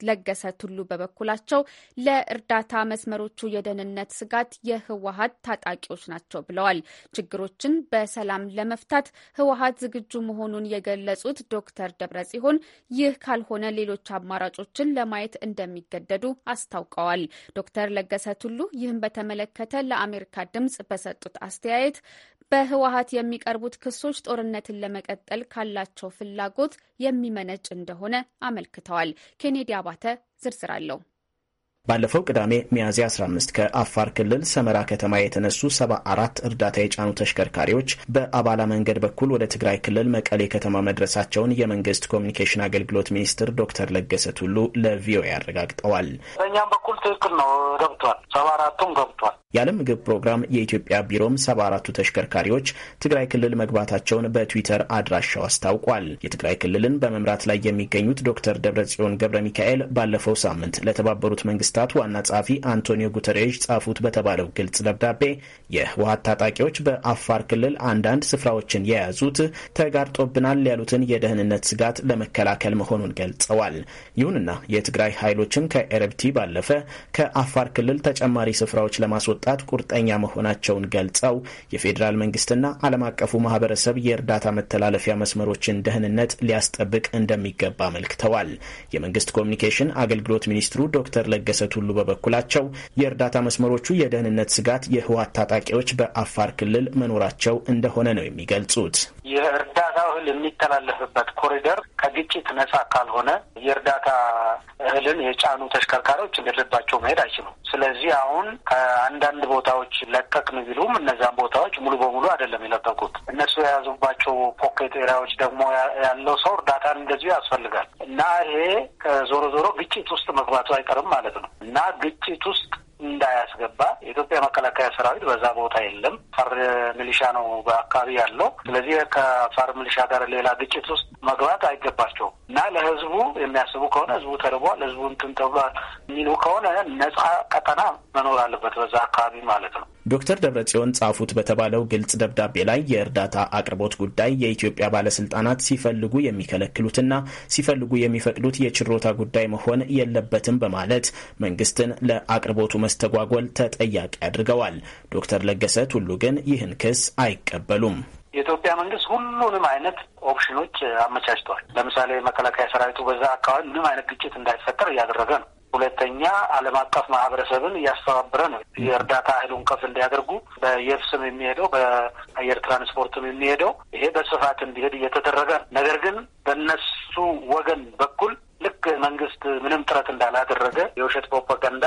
ለገሰ ቱሉ በበኩላቸው ለእርዳታ መስመሮቹ የደህንነት ስጋት የህወሀት ታጣቂዎች ናቸው ብለዋል። ችግሮችን በሰላም ለመፍታት ህወሀት ዝግጁ መሆኑን የገለጹት ዶክተር ደብረ ጽዮን ይህ ካልሆነ ሌሎች አማራጮችን ለማየት እንደሚገደዱ አስታውቀዋል። ዶክተር ለገሰ ቱሉ ይህን በተመለከተ ለአሜሪካ ድምጽ በሰጡት አስተያየት በህወሀት የሚቀርቡት ክሶች ጦርነትን ለመቀጠል ካላቸው ፍላጎት የሚመነጭ እንደሆነ አመልክተዋል። ኬኔዲ አባተ ዝርዝር አለው። ባለፈው ቅዳሜ ሚያዝያ 15 ከአፋር ክልል ሰመራ ከተማ የተነሱ 74 እርዳታ የጫኑ ተሽከርካሪዎች በአባላ መንገድ በኩል ወደ ትግራይ ክልል መቀሌ ከተማ መድረሳቸውን የመንግስት ኮሚኒኬሽን አገልግሎት ሚኒስትር ዶክተር ለገሰ ቱሉ ለቪኦኤ አረጋግጠዋል። በእኛም በኩል ትክክል ነው ገብቷል። ገብቷል። 74ቱም ገብቷል። የዓለም ምግብ ፕሮግራም የኢትዮጵያ ቢሮም ሰባ አራቱ ተሽከርካሪዎች ትግራይ ክልል መግባታቸውን በትዊተር አድራሻው አስታውቋል። የትግራይ ክልልን በመምራት ላይ የሚገኙት ዶክተር ደብረጽዮን ገብረ ሚካኤል ባለፈው ሳምንት ለተባበሩት መንግስታት ዋና ጸሐፊ አንቶኒዮ ጉተሬዥ ጻፉት በተባለው ግልጽ ደብዳቤ የህወሀት ታጣቂዎች በአፋር ክልል አንዳንድ ስፍራዎችን የያዙት ተጋርጦብናል ያሉትን የደህንነት ስጋት ለመከላከል መሆኑን ገልጸዋል። ይሁንና የትግራይ ኃይሎችን ከኤረብቲ ባለፈ ከአፋር ክልል ተጨማሪ ስፍራዎች ለማስወጣ ለመርዳት ቁርጠኛ መሆናቸውን ገልጸው የፌዴራል መንግስትና ዓለም አቀፉ ማህበረሰብ የእርዳታ መተላለፊያ መስመሮችን ደህንነት ሊያስጠብቅ እንደሚገባ አመልክተዋል። የመንግስት ኮሚኒኬሽን አገልግሎት ሚኒስትሩ ዶክተር ለገሰ ቱሉ በበኩላቸው የእርዳታ መስመሮቹ የደህንነት ስጋት የህወሓት ታጣቂዎች በአፋር ክልል መኖራቸው እንደሆነ ነው የሚገልጹት። የእርዳታ እህል የሚተላለፍበት ኮሪደር ከግጭት ነጻ ካልሆነ የእርዳታ እህልን የጫኑ ተሽከርካሪዎች እንደልባቸው መሄድ አይችሉም። ስለዚህ አሁን ከአንዳንድ ቦታዎች ለቀቅን ቢሉም እነዛን ቦታዎች ሙሉ በሙሉ አይደለም የለቀቁት። እነሱ የያዙባቸው ፖኬት ኤሪያዎች ደግሞ ያለው ሰው እርዳታ እንደዚሁ ያስፈልጋል እና ይሄ ከዞሮ ዞሮ ግጭት ውስጥ መግባቱ አይቀርም ማለት ነው እና ግጭት ውስጥ እንዳያስገባ የኢትዮጵያ መከላከያ ሰራዊት በዛ ቦታ የለም። ፋር ሚሊሻ ነው በአካባቢ ያለው። ስለዚህ ከፋር ሚሊሻ ጋር ሌላ ግጭት ውስጥ መግባት አይገባቸውም እና ለህዝቡ የሚያስቡ ከሆነ ህዝቡ ተርቧል፣ ህዝቡ እንትን ተብሏል የሚሉ ከሆነ ነጻ ቀጠና መኖር አለበት በዛ አካባቢ ማለት ነው። ዶክተር ደብረጽዮን ጻፉት በተባለው ግልጽ ደብዳቤ ላይ የእርዳታ አቅርቦት ጉዳይ የኢትዮጵያ ባለስልጣናት ሲፈልጉ የሚከለክሉትና ሲፈልጉ የሚፈቅዱት የችሮታ ጉዳይ መሆን የለበትም በማለት መንግስትን ለአቅርቦቱ መስተጓጎል ተጠያቂ አድርገዋል። ዶክተር ለገሰ ቱሉ ግን ይህን ክስ አይቀበሉም። የኢትዮጵያ መንግስት ሁሉንም አይነት ኦፕሽኖች አመቻችተዋል። ለምሳሌ መከላከያ ሰራዊቱ በዛ አካባቢ ምንም አይነት ግጭት እንዳይፈጠር እያደረገ ነው። ሁለተኛ ዓለም አቀፍ ማህበረሰብን እያስተባበረ ነው። የእርዳታ እህሉን ከፍ እንዲያደርጉ በየብስም የሚሄደው በአየር ትራንስፖርትም የሚሄደው ይሄ በስፋት እንዲሄድ እየተደረገ ነው። ነገር ግን በእነሱ ወገን በኩል ልክ መንግስት ምንም ጥረት እንዳላደረገ የውሸት ፕሮፓጋንዳ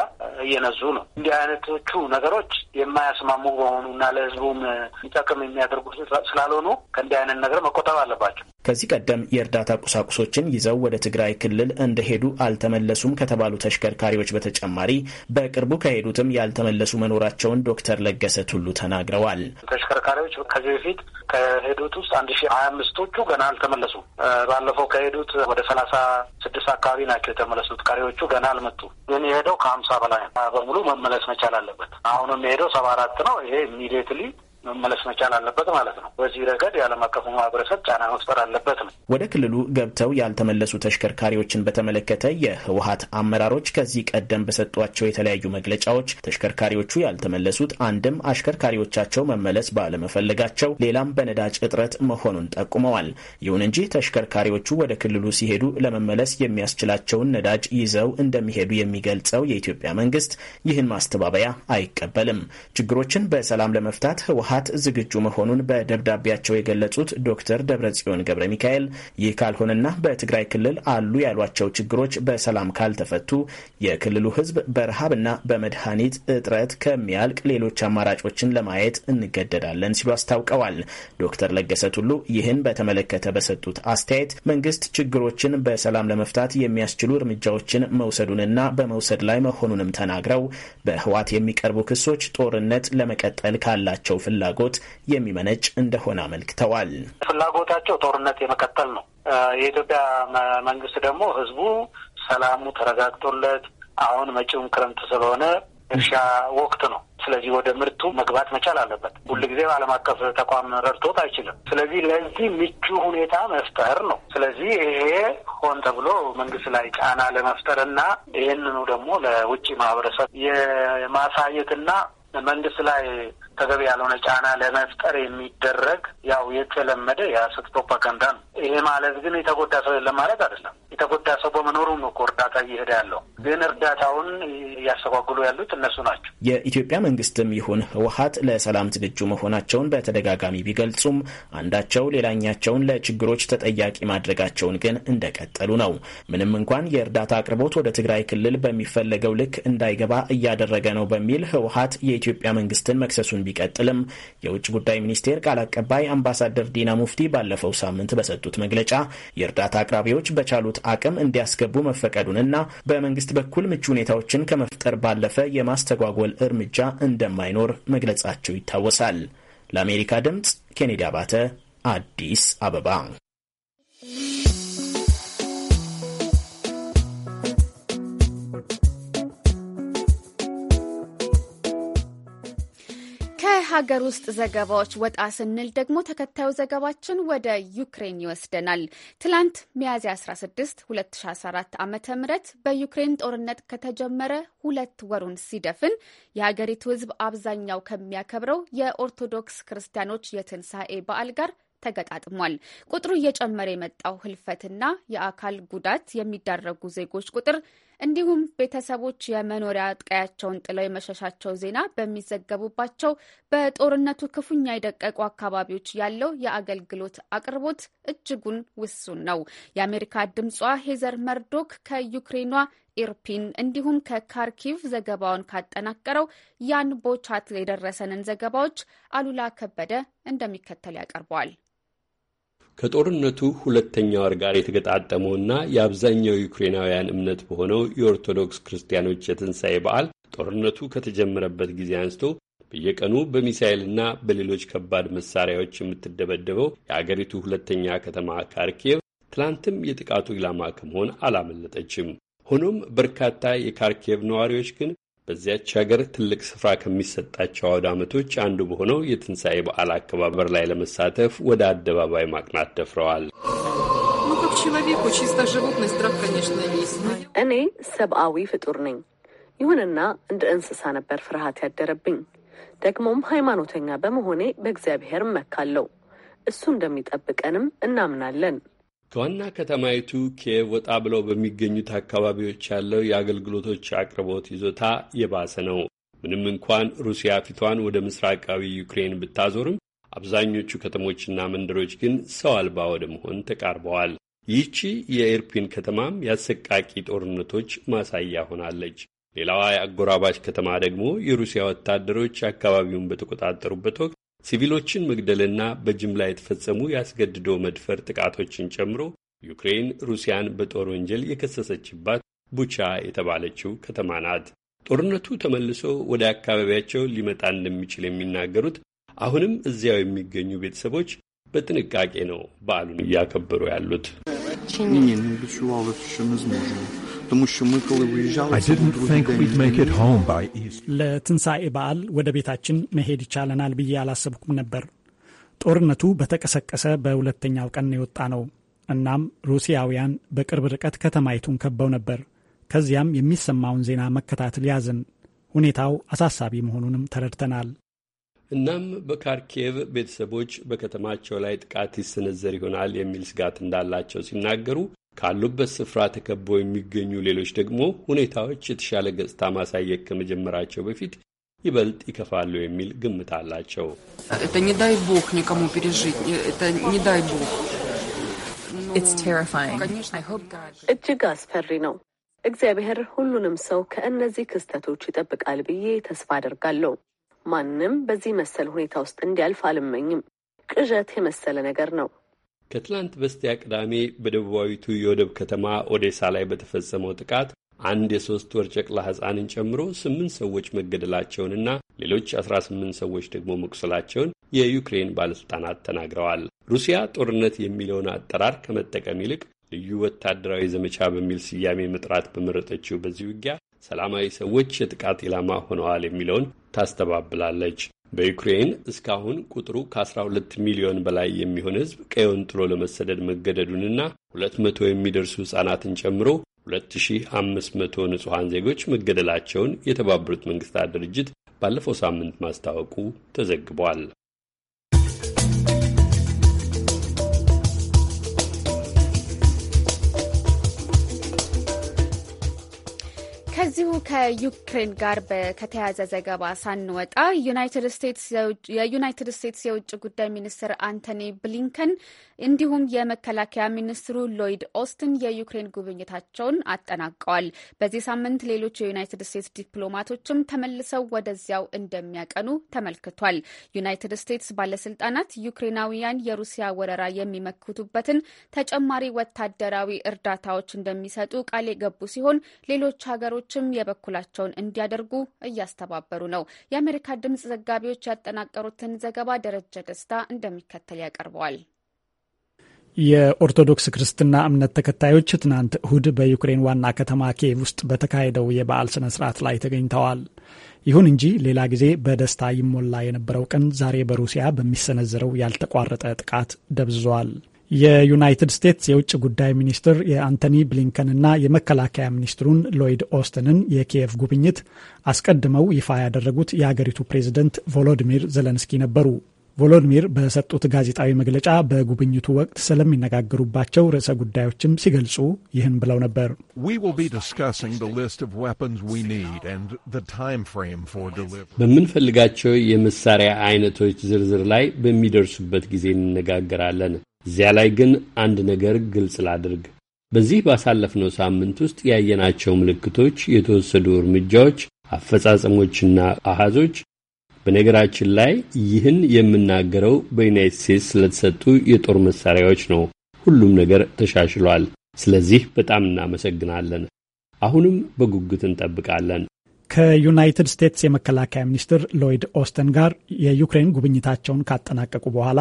እየነዙ ነው። እንዲህ አይነቶቹ ነገሮች የማያስማሙ በሆኑ እና ለህዝቡም ሊጠቅም የሚያደርጉ ስላልሆኑ ከእንዲህ አይነት ነገር መቆጠብ አለባቸው። ከዚህ ቀደም የእርዳታ ቁሳቁሶችን ይዘው ወደ ትግራይ ክልል እንደሄዱ አልተመለሱም ከተባሉ ተሽከርካሪዎች በተጨማሪ በቅርቡ ከሄዱትም ያልተመለሱ መኖራቸውን ዶክተር ለገሰ ቱሉ ተናግረዋል። ተሽከርካሪዎች ከዚህ በፊት ከሄዱት ውስጥ አንድ ሺ ሀያ አምስቶቹ ገና አልተመለሱም። ባለፈው ከሄዱት ወደ ሰላሳ ስድስት አካባቢ ናቸው የተመለሱት። ቀሪዎቹ ገና አልመጡ። ግን የሄደው ከሀምሳ በላይ በሙሉ መመለስ መቻል አለበት። አሁንም የሄደው ሰባ አራት ነው። ይሄ ኢሚዲየትሊ መመለስ መቻል አለበት ማለት ነው። በዚህ ረገድ የዓለም አቀፉ ማህበረሰብ ጫና መፍጠር አለበት ነው። ወደ ክልሉ ገብተው ያልተመለሱ ተሽከርካሪዎችን በተመለከተ የህወሀት አመራሮች ከዚህ ቀደም በሰጧቸው የተለያዩ መግለጫዎች ተሽከርካሪዎቹ ያልተመለሱት አንድም አሽከርካሪዎቻቸው መመለስ ባለመፈለጋቸው፣ ሌላም በነዳጅ እጥረት መሆኑን ጠቁመዋል። ይሁን እንጂ ተሽከርካሪዎቹ ወደ ክልሉ ሲሄዱ ለመመለስ የሚያስችላቸውን ነዳጅ ይዘው እንደሚሄዱ የሚገልጸው የኢትዮጵያ መንግስት ይህን ማስተባበያ አይቀበልም። ችግሮችን በሰላም ለመፍታት ህወሀት ህወሀት ዝግጁ መሆኑን በደብዳቤያቸው የገለጹት ዶክተር ደብረጽዮን ገብረ ሚካኤል ይህ ካልሆነና በትግራይ ክልል አሉ ያሏቸው ችግሮች በሰላም ካልተፈቱ የክልሉ ህዝብ በረሃብና በመድኃኒት እጥረት ከሚያልቅ ሌሎች አማራጮችን ለማየት እንገደዳለን ሲሉ አስታውቀዋል። ዶክተር ለገሰ ቱሉ ይህን በተመለከተ በሰጡት አስተያየት መንግስት ችግሮችን በሰላም ለመፍታት የሚያስችሉ እርምጃዎችን መውሰዱንና በመውሰድ ላይ መሆኑንም ተናግረው በህዋት የሚቀርቡ ክሶች ጦርነት ለመቀጠል ካላቸው ፍላ ፍላጎት የሚመነጭ እንደሆነ አመልክተዋል። ፍላጎታቸው ጦርነት የመቀጠል ነው። የኢትዮጵያ መንግስት ደግሞ ህዝቡ ሰላሙ ተረጋግጦለት አሁን መጪውም ክረምት ስለሆነ እርሻ ወቅት ነው። ስለዚህ ወደ ምርቱ መግባት መቻል አለበት። ሁልጊዜ ዓለም አቀፍ ተቋም ረድቶት አይችልም። ስለዚህ ለዚህ ምቹ ሁኔታ መፍጠር ነው። ስለዚህ ይሄ ሆን ተብሎ መንግስት ላይ ጫና ለመፍጠር እና ይህንኑ ደግሞ ለውጭ ማህበረሰብ የማሳየትና መንግስት ላይ ተገቢ ያልሆነ ጫና ለመፍጠር የሚደረግ ያው የተለመደ የሀሰት ፕሮፓጋንዳ ነው። ይሄ ማለት ግን የተጎዳ ሰው የለም ማለት አይደለም። የተጎዳ ሰው በመኖሩ እኮ እርዳታ እየሄደ ያለው። ግን እርዳታውን እያስተጓጉሉ ያሉት እነሱ ናቸው። የኢትዮጵያ መንግስትም ይሁን ህወሀት ለሰላም ዝግጁ መሆናቸውን በተደጋጋሚ ቢገልጹም አንዳቸው ሌላኛቸውን ለችግሮች ተጠያቂ ማድረጋቸውን ግን እንደቀጠሉ ነው። ምንም እንኳን የእርዳታ አቅርቦት ወደ ትግራይ ክልል በሚፈለገው ልክ እንዳይገባ እያደረገ ነው በሚል ህወሀት የኢትዮጵያ መንግስትን መክሰሱን ቢቀጥልም የውጭ ጉዳይ ሚኒስቴር ቃል አቀባይ አምባሳደር ዲና ሙፍቲ ባለፈው ሳምንት በሰጡት መግለጫ የእርዳታ አቅራቢዎች በቻሉት አቅም እንዲያስገቡ መፈቀዱንና በመንግስት በኩል ምቹ ሁኔታዎችን ከመፍጠር ባለፈ የማስተጓጎል እርምጃ እንደማይኖር መግለጻቸው ይታወሳል። ለአሜሪካ ድምፅ ኬኔዲ አባተ አዲስ አበባ ከሀገር ውስጥ ዘገባዎች ወጣ ስንል ደግሞ ተከታዩ ዘገባችን ወደ ዩክሬን ይወስደናል። ትላንት ሚያዝያ 16 2014 ዓ ም በዩክሬን ጦርነት ከተጀመረ ሁለት ወሩን ሲደፍን የሀገሪቱ ሕዝብ አብዛኛው ከሚያከብረው የኦርቶዶክስ ክርስቲያኖች የትንሣኤ በዓል ጋር ተገጣጥሟል። ቁጥሩ እየጨመረ የመጣው ህልፈትና የአካል ጉዳት የሚዳረጉ ዜጎች ቁጥር እንዲሁም ቤተሰቦች የመኖሪያ ቀያቸውን ጥለው የመሸሻቸው ዜና በሚዘገቡባቸው በጦርነቱ ክፉኛ የደቀቁ አካባቢዎች ያለው የአገልግሎት አቅርቦት እጅጉን ውሱን ነው። የአሜሪካ ድምጿ ሄዘር መርዶክ ከዩክሬኗ ኢርፒን እንዲሁም ከካርኪቭ ዘገባውን ካጠናቀረው ያን ቦቻት የደረሰንን ዘገባዎች አሉላ ከበደ እንደሚከተል ያቀርበዋል። ከጦርነቱ ሁለተኛ ወር ጋር የተገጣጠመውና የአብዛኛው ዩክሬናውያን እምነት በሆነው የኦርቶዶክስ ክርስቲያኖች የትንሣኤ በዓል ጦርነቱ ከተጀመረበት ጊዜ አንስቶ በየቀኑ በሚሳይልና በሌሎች ከባድ መሳሪያዎች የምትደበደበው የአገሪቱ ሁለተኛ ከተማ ካርኬቭ ትላንትም የጥቃቱ ኢላማ ከመሆን አላመለጠችም። ሆኖም በርካታ የካርኬቭ ነዋሪዎች ግን በዚያች ሀገር ትልቅ ስፍራ ከሚሰጣቸው አውድ ዓመቶች አንዱ በሆነው የትንሣኤ በዓል አከባበር ላይ ለመሳተፍ ወደ አደባባይ ማቅናት ደፍረዋል። እኔ ሰብአዊ ፍጡር ነኝ። ይሁንና እንደ እንስሳ ነበር ፍርሃት ያደረብኝ። ደግሞም ሃይማኖተኛ በመሆኔ በእግዚአብሔር እመካለሁ። እሱ እንደሚጠብቀንም እናምናለን። ከዋና ከተማይቱ ኪየቭ ወጣ ብለው በሚገኙት አካባቢዎች ያለው የአገልግሎቶች አቅርቦት ይዞታ የባሰ ነው። ምንም እንኳን ሩሲያ ፊቷን ወደ ምስራቃዊ ዩክሬን ብታዞርም አብዛኞቹ ከተሞችና መንደሮች ግን ሰው አልባ ወደ መሆን ተቃርበዋል። ይህቺ የኤርፒን ከተማም የአሰቃቂ ጦርነቶች ማሳያ ሆናለች። ሌላዋ የአጎራባች ከተማ ደግሞ የሩሲያ ወታደሮች አካባቢውን በተቆጣጠሩበት ወቅት ሲቪሎችን መግደልና በጅምላ የተፈጸሙ ያስገድዶ መድፈር ጥቃቶችን ጨምሮ ዩክሬን ሩሲያን በጦር ወንጀል የከሰሰችባት ቡቻ የተባለችው ከተማ ናት። ጦርነቱ ተመልሶ ወደ አካባቢያቸው ሊመጣ እንደሚችል የሚናገሩት አሁንም እዚያው የሚገኙ ቤተሰቦች በጥንቃቄ ነው በዓሉን እያከበሩ ያሉት። ለትንሣኤ በዓል ወደ ቤታችን መሄድ ይቻለናል ብዬ አላሰብኩም ነበር። ጦርነቱ በተቀሰቀሰ በሁለተኛው ቀን የወጣ ነው። እናም ሩሲያውያን በቅርብ ርቀት ከተማይቱን ከበው ነበር። ከዚያም የሚሰማውን ዜና መከታተል ያዝን። ሁኔታው አሳሳቢ መሆኑንም ተረድተናል። እናም በካርኬቭ ቤተሰቦች በከተማቸው ላይ ጥቃት ይሰነዘር ይሆናል የሚል ስጋት እንዳላቸው ሲናገሩ ካሉበት ስፍራ ተከበው የሚገኙ ሌሎች ደግሞ ሁኔታዎች የተሻለ ገጽታ ማሳየት ከመጀመራቸው በፊት ይበልጥ ይከፋሉ የሚል ግምት አላቸው። э, እጅግ አስፈሪ ነው። እግዚአብሔር ሁሉንም ሰው ከእነዚህ ክስተቶች ይጠብቃል ብዬ ተስፋ አደርጋለሁ። ማንም በዚህ መሰል ሁኔታ ውስጥ እንዲያልፍ አልመኝም። ቅዠት የመሰለ ነገር ነው። ከትላንት በስቲያ ቅዳሜ በደቡባዊቱ የወደብ ከተማ ኦዴሳ ላይ በተፈጸመው ጥቃት አንድ የሶስት ወር ጨቅላ ሕፃንን ጨምሮ ስምንት ሰዎች መገደላቸውንና ሌሎች 18 ሰዎች ደግሞ መቁሰላቸውን የዩክሬን ባለሥልጣናት ተናግረዋል። ሩሲያ ጦርነት የሚለውን አጠራር ከመጠቀም ይልቅ ልዩ ወታደራዊ ዘመቻ በሚል ስያሜ መጥራት በመረጠችው በዚህ ውጊያ ሰላማዊ ሰዎች የጥቃት ኢላማ ሆነዋል የሚለውን ታስተባብላለች። በዩክሬን እስካሁን ቁጥሩ ከ12 ሚሊዮን በላይ የሚሆን ሕዝብ ቀየውን ጥሎ ለመሰደድ መገደዱንና 200 የሚደርሱ ሕፃናትን ጨምሮ 2500 ንጹሐን ዜጎች መገደላቸውን የተባበሩት መንግስታት ድርጅት ባለፈው ሳምንት ማስታወቁ ተዘግቧል። ከዚሁ ከዩክሬን ጋር ከተያያዘ ዘገባ ሳንወጣ የዩናይትድ ስቴትስ የውጭ ጉዳይ ሚኒስትር አንቶኒ ብሊንከን እንዲሁም የመከላከያ ሚኒስትሩ ሎይድ ኦስትን የዩክሬን ጉብኝታቸውን አጠናቀዋል። በዚህ ሳምንት ሌሎች የዩናይትድ ስቴትስ ዲፕሎማቶችም ተመልሰው ወደዚያው እንደሚያቀኑ ተመልክቷል። ዩናይትድ ስቴትስ ባለስልጣናት ዩክሬናውያን የሩሲያ ወረራ የሚመክቱበትን ተጨማሪ ወታደራዊ እርዳታዎች እንደሚሰጡ ቃል የገቡ ሲሆን ሌሎች ሀገሮች ሌሎችም የበኩላቸውን እንዲያደርጉ እያስተባበሩ ነው። የአሜሪካ ድምጽ ዘጋቢዎች ያጠናቀሩትን ዘገባ ደረጀ ደስታ እንደሚከተል ያቀርበዋል። የኦርቶዶክስ ክርስትና እምነት ተከታዮች ትናንት እሁድ በዩክሬን ዋና ከተማ ኪየቭ ውስጥ በተካሄደው የበዓል ስነ ስርዓት ላይ ተገኝተዋል። ይሁን እንጂ ሌላ ጊዜ በደስታ ይሞላ የነበረው ቀን ዛሬ በሩሲያ በሚሰነዘረው ያልተቋረጠ ጥቃት ደብዝዟል። የዩናይትድ ስቴትስ የውጭ ጉዳይ ሚኒስትር የአንቶኒ ብሊንከንና የመከላከያ ሚኒስትሩን ሎይድ ኦስትንን የኪየቭ ጉብኝት አስቀድመው ይፋ ያደረጉት የአገሪቱ ፕሬዝደንት ቮሎዲሚር ዘለንስኪ ነበሩ። ቮሎዲሚር በሰጡት ጋዜጣዊ መግለጫ በጉብኝቱ ወቅት ስለሚነጋገሩባቸው ርዕሰ ጉዳዮችም ሲገልጹ ይህን ብለው ነበር። በምንፈልጋቸው የመሳሪያ አይነቶች ዝርዝር ላይ በሚደርሱበት ጊዜ እንነጋገራለን። እዚያ ላይ ግን አንድ ነገር ግልጽ ላድርግ። በዚህ ባሳለፍነው ሳምንት ውስጥ ያየናቸው ምልክቶች፣ የተወሰዱ እርምጃዎች፣ አፈጻጸሞችና አሃዞች በነገራችን ላይ ይህን የምናገረው በዩናይት ስቴትስ ስለተሰጡ የጦር መሳሪያዎች ነው። ሁሉም ነገር ተሻሽሏል። ስለዚህ በጣም እናመሰግናለን። አሁንም በጉጉት እንጠብቃለን። ከዩናይትድ ስቴትስ የመከላከያ ሚኒስትር ሎይድ ኦስተን ጋር የዩክሬን ጉብኝታቸውን ካጠናቀቁ በኋላ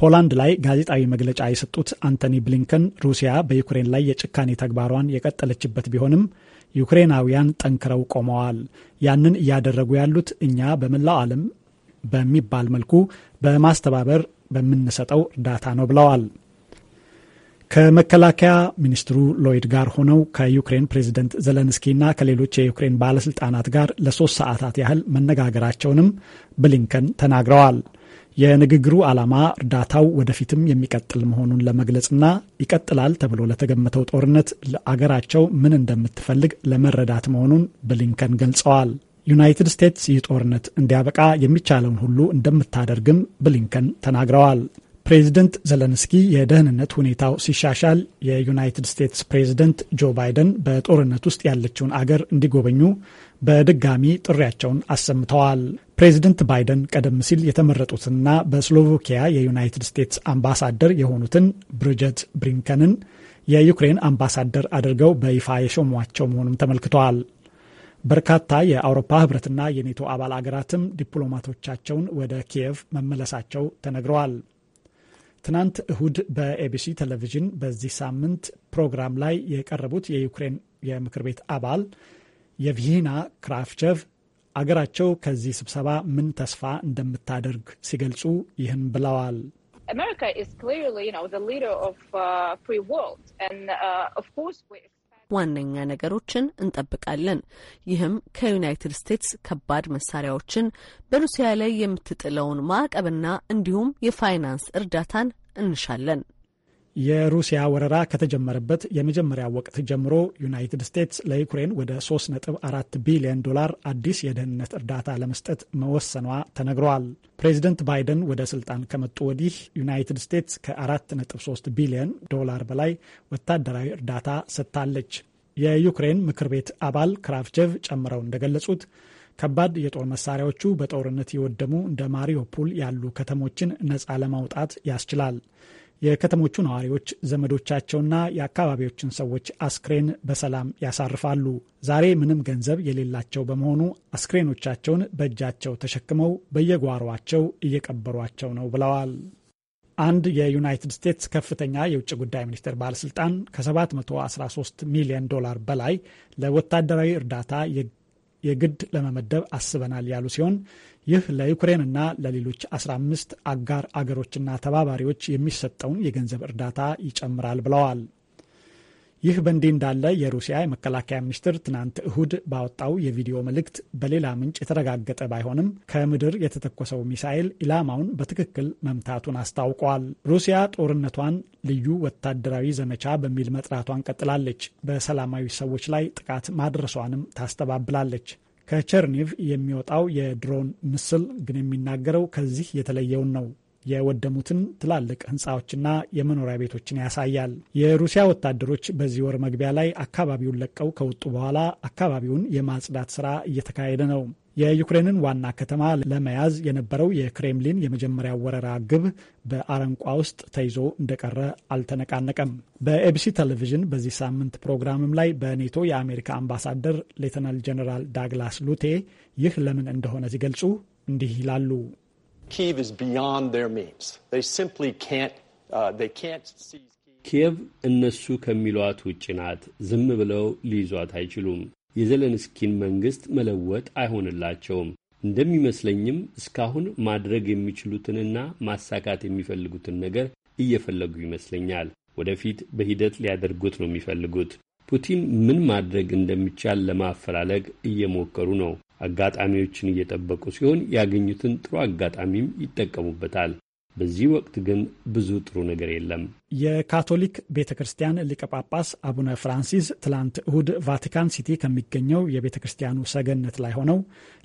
ፖላንድ ላይ ጋዜጣዊ መግለጫ የሰጡት አንቶኒ ብሊንከን ሩሲያ በዩክሬን ላይ የጭካኔ ተግባሯን የቀጠለችበት ቢሆንም ዩክሬናውያን ጠንክረው ቆመዋል። ያንን እያደረጉ ያሉት እኛ በመላው ዓለም በሚባል መልኩ በማስተባበር በምንሰጠው እርዳታ ነው ብለዋል። ከመከላከያ ሚኒስትሩ ሎይድ ጋር ሆነው ከዩክሬን ፕሬዝደንት ዘለንስኪና ከሌሎች የዩክሬን ባለስልጣናት ጋር ለሶስት ሰዓታት ያህል መነጋገራቸውንም ብሊንከን ተናግረዋል። የንግግሩ ዓላማ እርዳታው ወደፊትም የሚቀጥል መሆኑን ለመግለጽና ይቀጥላል ተብሎ ለተገመተው ጦርነት ለአገራቸው ምን እንደምትፈልግ ለመረዳት መሆኑን ብሊንከን ገልጸዋል። ዩናይትድ ስቴትስ ይህ ጦርነት እንዲያበቃ የሚቻለውን ሁሉ እንደምታደርግም ብሊንከን ተናግረዋል። ፕሬዚደንት ዘለንስኪ የደህንነት ሁኔታው ሲሻሻል የዩናይትድ ስቴትስ ፕሬዚደንት ጆ ባይደን በጦርነት ውስጥ ያለችውን አገር እንዲጎበኙ በድጋሚ ጥሪያቸውን አሰምተዋል። ፕሬዚደንት ባይደን ቀደም ሲል የተመረጡትንና በስሎቫኪያ የዩናይትድ ስቴትስ አምባሳደር የሆኑትን ብሪጀት ብሪንከንን የዩክሬን አምባሳደር አድርገው በይፋ የሾሟቸው መሆኑም ተመልክተዋል። በርካታ የአውሮፓ ህብረትና የኔቶ አባል አገራትም ዲፕሎማቶቻቸውን ወደ ኪየቭ መመለሳቸው ተነግረዋል። ትናንት እሁድ በኤቢሲ ቴሌቪዥን በዚህ ሳምንት ፕሮግራም ላይ የቀረቡት የዩክሬን የምክር ቤት አባል የቪሂና ክራፍቸቭ አገራቸው ከዚህ ስብሰባ ምን ተስፋ እንደምታደርግ ሲገልጹ ይህን ብለዋል። አሜሪካ ዋነኛ ነገሮችን እንጠብቃለን። ይህም ከዩናይትድ ስቴትስ ከባድ መሳሪያዎችን በሩሲያ ላይ የምትጥለውን ማዕቀብና እንዲሁም የፋይናንስ እርዳታን እንሻለን። የሩሲያ ወረራ ከተጀመረበት የመጀመሪያ ወቅት ጀምሮ ዩናይትድ ስቴትስ ለዩክሬን ወደ 3.4 ቢሊዮን ዶላር አዲስ የደህንነት እርዳታ ለመስጠት መወሰኗ ተነግረዋል። ፕሬዚደንት ባይደን ወደ ስልጣን ከመጡ ወዲህ ዩናይትድ ስቴትስ ከ4.3 ቢሊዮን ዶላር በላይ ወታደራዊ እርዳታ ሰጥታለች። የዩክሬን ምክር ቤት አባል ክራፍቼቭ ጨምረው እንደገለጹት ከባድ የጦር መሳሪያዎቹ በጦርነት የወደሙ እንደ ማሪዮፖል ያሉ ከተሞችን ነፃ ለማውጣት ያስችላል። የከተሞቹ ነዋሪዎች ዘመዶቻቸውና የአካባቢዎችን ሰዎች አስክሬን በሰላም ያሳርፋሉ። ዛሬ ምንም ገንዘብ የሌላቸው በመሆኑ አስክሬኖቻቸውን በእጃቸው ተሸክመው በየጓሯቸው እየቀበሯቸው ነው ብለዋል። አንድ የዩናይትድ ስቴትስ ከፍተኛ የውጭ ጉዳይ ሚኒስቴር ባለስልጣን ከ713 ሚሊዮን ዶላር በላይ ለወታደራዊ እርዳታ የግድ ለመመደብ አስበናል ያሉ ሲሆን ይህ ለዩክሬንና ለሌሎች 15 አጋር አገሮችና ተባባሪዎች የሚሰጠውን የገንዘብ እርዳታ ይጨምራል ብለዋል። ይህ በእንዲህ እንዳለ የሩሲያ የመከላከያ ሚኒስትር ትናንት እሁድ ባወጣው የቪዲዮ መልእክት በሌላ ምንጭ የተረጋገጠ ባይሆንም ከምድር የተተኮሰው ሚሳኤል ኢላማውን በትክክል መምታቱን አስታውቋል። ሩሲያ ጦርነቷን ልዩ ወታደራዊ ዘመቻ በሚል መጥራቷን ቀጥላለች። በሰላማዊ ሰዎች ላይ ጥቃት ማድረሷንም ታስተባብላለች። ከቸርኒቭ የሚወጣው የድሮን ምስል ግን የሚናገረው ከዚህ የተለየውን ነው። የወደሙትን ትላልቅ ህንፃዎችና የመኖሪያ ቤቶችን ያሳያል። የሩሲያ ወታደሮች በዚህ ወር መግቢያ ላይ አካባቢውን ለቀው ከወጡ በኋላ አካባቢውን የማጽዳት ስራ እየተካሄደ ነው። የዩክሬንን ዋና ከተማ ለመያዝ የነበረው የክሬምሊን የመጀመሪያ ወረራ ግብ በአረንቋ ውስጥ ተይዞ እንደቀረ አልተነቃነቀም። በኤቢሲ ቴሌቪዥን በዚህ ሳምንት ፕሮግራምም ላይ በኔቶ የአሜሪካ አምባሳደር ሌተናል ጀነራል ዳግላስ ሉቴ ይህ ለምን እንደሆነ ሲገልጹ እንዲህ ይላሉ። ኪየቭ uh, እነሱ ከሚሏት ውጭ ናት። ዝም ብለው ሊይዟት አይችሉም። የዘለንስኪን መንግስት መለወጥ አይሆንላቸውም። እንደሚመስለኝም እስካሁን ማድረግ የሚችሉትንና ማሳካት የሚፈልጉትን ነገር እየፈለጉ ይመስለኛል። ወደፊት በሂደት ሊያደርጉት ነው የሚፈልጉት። ፑቲን ምን ማድረግ እንደሚቻል ለማፈላለግ እየሞከሩ ነው። አጋጣሚዎችን እየጠበቁ ሲሆን ያገኙትን ጥሩ አጋጣሚም ይጠቀሙበታል። በዚህ ወቅት ግን ብዙ ጥሩ ነገር የለም። የካቶሊክ ቤተ ክርስቲያን ሊቀ ጳጳስ አቡነ ፍራንሲስ ትላንት እሁድ ቫቲካን ሲቲ ከሚገኘው የቤተ ክርስቲያኑ ሰገነት ላይ ሆነው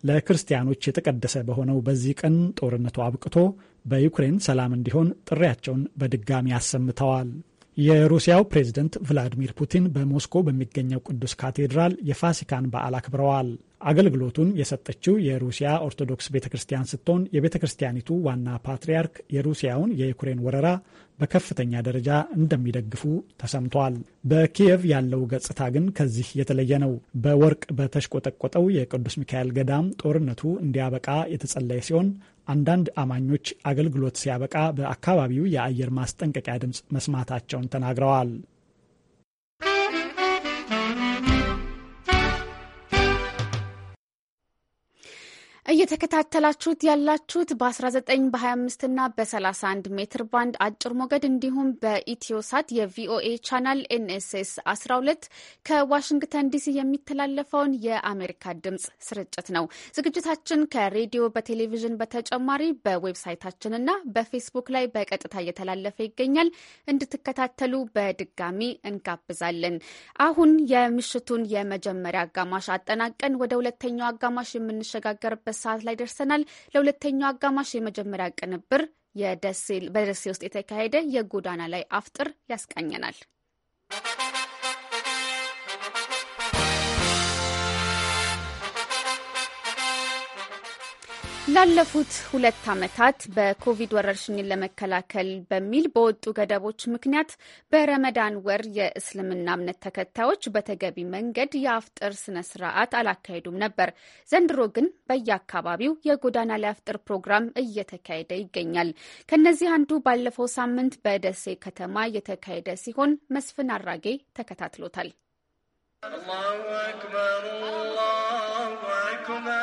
ለክርስቲያኖች የተቀደሰ በሆነው በዚህ ቀን ጦርነቱ አብቅቶ በዩክሬን ሰላም እንዲሆን ጥሪያቸውን በድጋሚ አሰምተዋል። የሩሲያው ፕሬዝደንት ቭላዲሚር ፑቲን በሞስኮ በሚገኘው ቅዱስ ካቴድራል የፋሲካን በዓል አክብረዋል። አገልግሎቱን የሰጠችው የሩሲያ ኦርቶዶክስ ቤተ ክርስቲያን ስትሆን የቤተ ክርስቲያኒቱ ዋና ፓትርያርክ የሩሲያውን የዩክሬን ወረራ በከፍተኛ ደረጃ እንደሚደግፉ ተሰምቷል። በኪየቭ ያለው ገጽታ ግን ከዚህ የተለየ ነው። በወርቅ በተሽቆጠቆጠው የቅዱስ ሚካኤል ገዳም ጦርነቱ እንዲያበቃ የተጸለየ ሲሆን አንዳንድ አማኞች አገልግሎት ሲያበቃ በአካባቢው የአየር ማስጠንቀቂያ ድምፅ መስማታቸውን ተናግረዋል። እየተከታተላችሁት ያላችሁት በ19 በ25 እና በ31 ሜትር ባንድ አጭር ሞገድ እንዲሁም በኢትዮሳት የቪኦኤ ቻናል ኤንኤስኤስ 12 ከዋሽንግተን ዲሲ የሚተላለፈውን የአሜሪካ ድምፅ ስርጭት ነው። ዝግጅታችን ከሬዲዮ በቴሌቪዥን በተጨማሪ በዌብሳይታችን እና በፌስቡክ ላይ በቀጥታ እየተላለፈ ይገኛል። እንድትከታተሉ በድጋሚ እንጋብዛለን። አሁን የምሽቱን የመጀመሪያ አጋማሽ አጠናቀን ወደ ሁለተኛው አጋማሽ የምንሸጋገርበት ሰዓት ላይ ደርሰናል። ለሁለተኛው አጋማሽ የመጀመሪያ ቅንብር በደሴ ውስጥ የተካሄደ የጎዳና ላይ አፍጥር ያስቃኘናል። ላለፉት ሁለት ዓመታት በኮቪድ ወረርሽኝን ለመከላከል በሚል በወጡ ገደቦች ምክንያት በረመዳን ወር የእስልምና እምነት ተከታዮች በተገቢ መንገድ የአፍጥር ስነ ስርዓት አላካሄዱም ነበር። ዘንድሮ ግን በየአካባቢው የጎዳና ላይ አፍጥር ፕሮግራም እየተካሄደ ይገኛል። ከነዚህ አንዱ ባለፈው ሳምንት በደሴ ከተማ የተካሄደ ሲሆን መስፍን አራጌ ተከታትሎታል። አላሁ አክበር አላሁ አክበር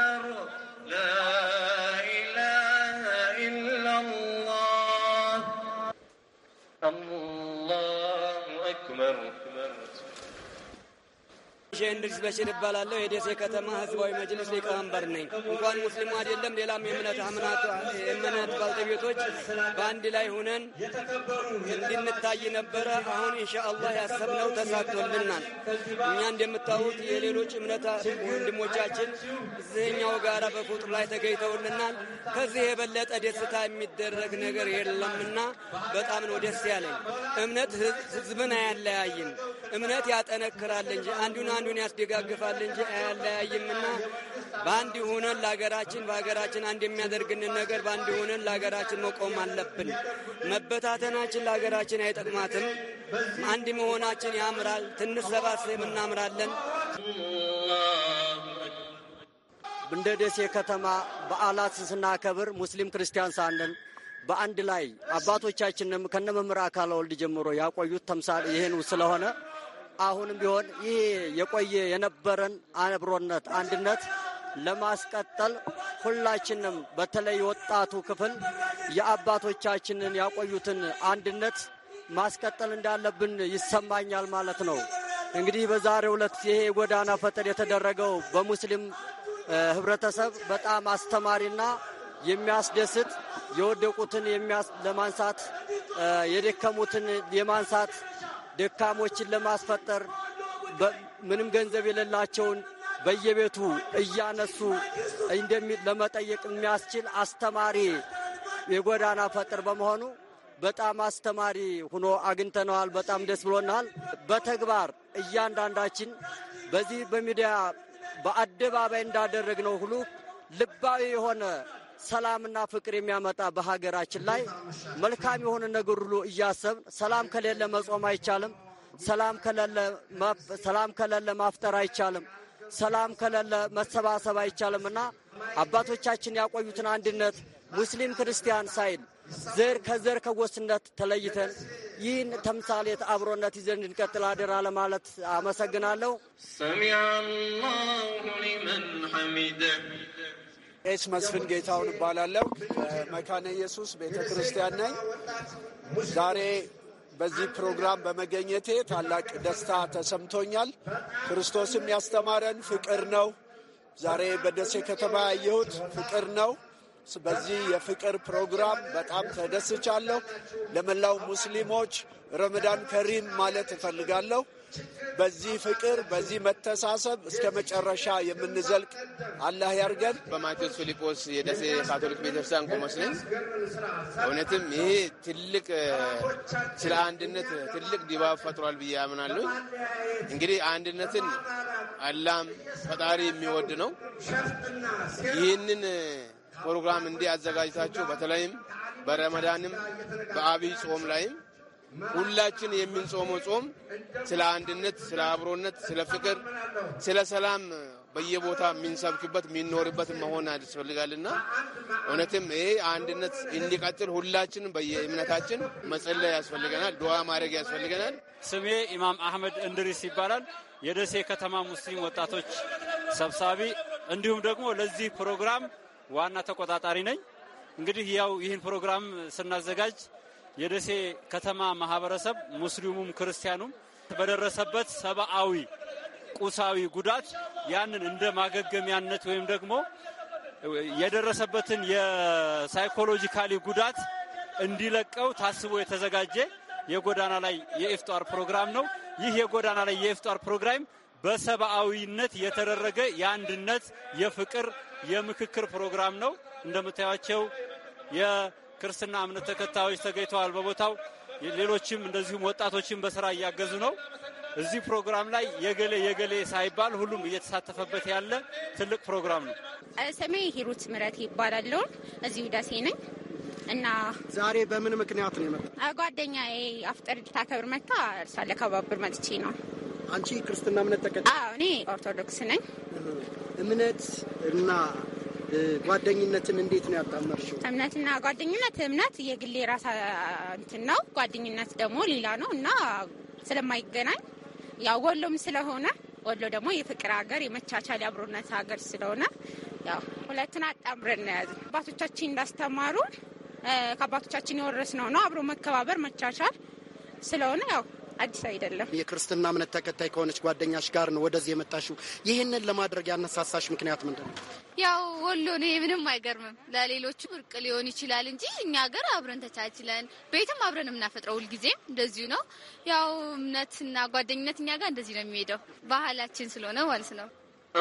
ሼህ በሽር እባላለሁ። የደሴ ከተማ ህዝባዊ መጅልስ ሊቀመንበር ነኝ። እንኳን ሙስሊሙ አይደለም ሌላም የእምነት እምነት ባልተቤቶች በአንድ ላይ ሁነን እንድንታይ ነበረ። አሁን ኢንሻአላህ ያሰብነው ተሳክቶልናል። እኛ እንደምታዩት የሌሎች እምነት ወንድሞቻችን እዚህኛው ጋራ በቁጥር ላይ ተገኝተውልናል። ከዚህ የበለጠ ደስታ የሚደረግ ነገር የለምና በጣም ነው ደስ ያለኝ። እምነት ህዝብን አያለያይም፣ እምነት ያጠነክራል እንጂ አንዱን አንዱ አንዱን ያስደጋግፋል እንጂ አያለያይምና በአንድ ሆነን ለሀገራችን በሀገራችን አንድ የሚያደርግንን ነገር በአንድ ሆነን ለሀገራችን መቆም አለብን። መበታተናችን ለሀገራችን አይጠቅማትም። አንድ መሆናችን ያምራል። ትንሽ ሰባስብ እናምራለን። እንደ ደሴ ከተማ በዓላት ስናከብር ሙስሊም ክርስቲያን ሳንን በአንድ ላይ አባቶቻችንም ከነመምህር አካለ ወልድ ጀምሮ ያቆዩት ተምሳሌ ይህን ስለሆነ አሁንም ቢሆን ይህ የቆየ የነበረን አብሮነት፣ አንድነት ለማስቀጠል ሁላችንም በተለይ ወጣቱ ክፍል የአባቶቻችንን ያቆዩትን አንድነት ማስቀጠል እንዳለብን ይሰማኛል ማለት ነው። እንግዲህ በዛሬው ዕለት ይሄ የጎዳና ፈጠር የተደረገው በሙስሊም ህብረተሰብ በጣም አስተማሪና የሚያስደስት የወደቁትን ለማንሳት የደከሙትን የማንሳት ደካሞችን ለማስፈጠር ምንም ገንዘብ የሌላቸውን በየቤቱ እያነሱ ለመጠየቅ የሚያስችል አስተማሪ የጎዳና ፈጥር በመሆኑ በጣም አስተማሪ ሆኖ አግኝተነዋል። በጣም ደስ ብሎናል። በተግባር እያንዳንዳችን በዚህ በሚዲያ በአደባባይ እንዳደረግነው ሁሉ ልባዊ የሆነ ሰላምና ፍቅር የሚያመጣ በሀገራችን ላይ መልካም የሆነ ነገር ሁሉ እያሰብን ሰላም ከሌለ መጾም አይቻልም። ሰላም ከሌለ ማፍጠር አይቻልም። ሰላም ከሌለ መሰባሰብ አይቻልም እና አባቶቻችን ያቆዩትን አንድነት ሙስሊም ክርስቲያን ሳይል ዘር ከዘር ከጎስነት ተለይተን ይህን ተምሳሌት አብሮነት ይዘን እንድንቀጥል አደራ ለማለት አመሰግናለሁ። አላሁ ሊመን ኤች መስፍን ጌታውን እባላለሁ። መካነ ኢየሱስ ቤተ ክርስቲያን ነኝ። ዛሬ በዚህ ፕሮግራም በመገኘቴ ታላቅ ደስታ ተሰምቶኛል። ክርስቶስም ያስተማረን ፍቅር ነው። ዛሬ በደሴ ከተማ ያየሁት ፍቅር ነው። በዚህ የፍቅር ፕሮግራም በጣም ተደስቻለሁ። ለመላው ሙስሊሞች ረመዳን ከሪም ማለት እፈልጋለሁ። በዚህ ፍቅር፣ በዚህ መተሳሰብ እስከ መጨረሻ የምንዘልቅ አላህ ያርገን። በማቴዎስ ፊልጶስ የደሴ ካቶሊክ ቤተክርስቲያን ቆሞስ ነኝ። እውነትም ይሄ ትልቅ ስለ አንድነት ትልቅ ድባብ ፈጥሯል ብዬ አምናለሁ። እንግዲህ አንድነትን አላም ፈጣሪ የሚወድ ነው። ይህንን ፕሮግራም እንዲህ አዘጋጅታችሁ በተለይም በረመዳንም በአብይ ጾም ላይም ሁላችን የምንጾመው ጾም ስለ አንድነት፣ ስለ አብሮነት፣ ስለ ፍቅር፣ ስለ ሰላም በየቦታ የሚንሰብክበት የሚኖርበት መሆን ያስፈልጋልና እውነትም ይሄ አንድነት እንዲቀጥል ሁላችንም በየእምነታችን መጸለይ ያስፈልገናል፣ ድዋ ማድረግ ያስፈልገናል። ስሜ ኢማም አህመድ እንድሪስ ይባላል። የደሴ ከተማ ሙስሊም ወጣቶች ሰብሳቢ እንዲሁም ደግሞ ለዚህ ፕሮግራም ዋና ተቆጣጣሪ ነኝ። እንግዲህ ያው ይህን ፕሮግራም ስናዘጋጅ የደሴ ከተማ ማህበረሰብ ሙስሊሙም ክርስቲያኑም በደረሰበት ሰብአዊ ቁሳዊ ጉዳት ያንን እንደ ማገገሚያነት ወይም ደግሞ የደረሰበትን የሳይኮሎጂካሊ ጉዳት እንዲለቀው ታስቦ የተዘጋጀ የጎዳና ላይ የኢፍጧር ፕሮግራም ነው። ይህ የጎዳና ላይ የኢፍጧር ፕሮግራም በሰብአዊነት የተደረገ የአንድነት፣ የፍቅር፣ የምክክር ፕሮግራም ነው። እንደምታያቸው ክርስትና እምነት ተከታዮች ተገኝተዋል በቦታው። ሌሎችም እንደዚሁም ወጣቶችን በስራ እያገዙ ነው። እዚህ ፕሮግራም ላይ የገሌ የገሌ ሳይባል ሁሉም እየተሳተፈበት ያለ ትልቅ ፕሮግራም ነው። ስሜ ሂሩት ምረት ይባላለሁ። እዚሁ ደሴ ነኝ እና ዛሬ በምን ምክንያት ነው የመጣ? ጓደኛዬ አፍጠር ታከብር መታ እርሷን ለከባብር መጥቼ ነው። አንቺ ክርስትና እምነት ተከታ? እኔ ኦርቶዶክስ ነኝ። እምነት እና ጓደኝነትን እንዴት ነው ያጣመርሽው? እምነትና ጓደኝነት እምነት የግሌ ራሳ እንትን ነው፣ ጓደኝነት ደግሞ ሌላ ነው እና ስለማይገናኝ ያው ወሎም ስለሆነ ወሎ ደግሞ የፍቅር ሀገር፣ የመቻቻል የአብሮነት ሀገር ስለሆነ ያው ሁለቱን አጣምረን ነው የያዝን። አባቶቻችን እንዳስተማሩ ከአባቶቻችን ነው ነው አብሮ መከባበር፣ መቻቻል ስለሆነ ያው አዲስ አይደለም። የክርስትና እምነት ተከታይ ከሆነች ጓደኛሽ ጋር ነው ወደዚህ የመጣሽው። ይህንን ለማድረግ ያነሳሳሽ ምክንያት ምንድን ነው? ያው ወሎ ነው፣ ምንም አይገርምም። ለሌሎቹ እርቅ ሊሆን ይችላል እንጂ እኛ ሀገር አብረን ተቻችለን ቤትም አብረን የምናፈጥረው ሁልጊዜም እንደዚሁ ነው። ያው እምነትና ጓደኝነት እኛ ጋር እንደዚህ ነው የሚሄደው፣ ባህላችን ስለሆነ ማለት ነው።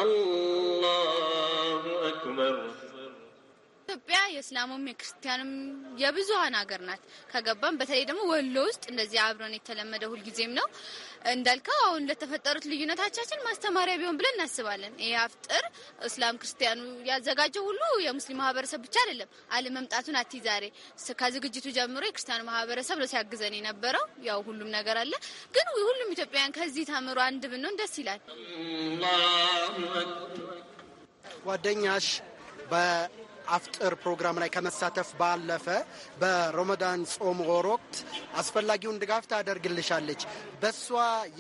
አላሁ አክበር ኢትዮጵያ የእስላሙም የክርስቲያንም የብዙሀን ሀገር ናት። ከገባም በተለይ ደግሞ ወሎ ውስጥ እንደዚህ አብረን የተለመደ ሁልጊዜም ነው እንዳልከው። አሁን ለተፈጠሩት ልዩነቶቻችን ማስተማሪያ ቢሆን ብለን እናስባለን። ይህ አፍጥር እስላም ክርስቲያኑ ያዘጋጀው ሁሉ የሙስሊም ማህበረሰብ ብቻ አይደለም። አለመምጣቱን አቲ ዛሬ ከዝግጅቱ ጀምሮ የክርስቲያኑ ማህበረሰብ ነው ሲያግዘን የነበረው። ያው ሁሉም ነገር አለ፣ ግን ሁሉም ኢትዮጵያውያን ከዚህ ተምሮ አንድ ብንሆን ደስ ይላል። ጓደኛሽ አፍጥር ፕሮግራም ላይ ከመሳተፍ ባለፈ በሮመዳን ጾም ወር ወቅት አስፈላጊውን ድጋፍ ታደርግልሻለች። በእሷ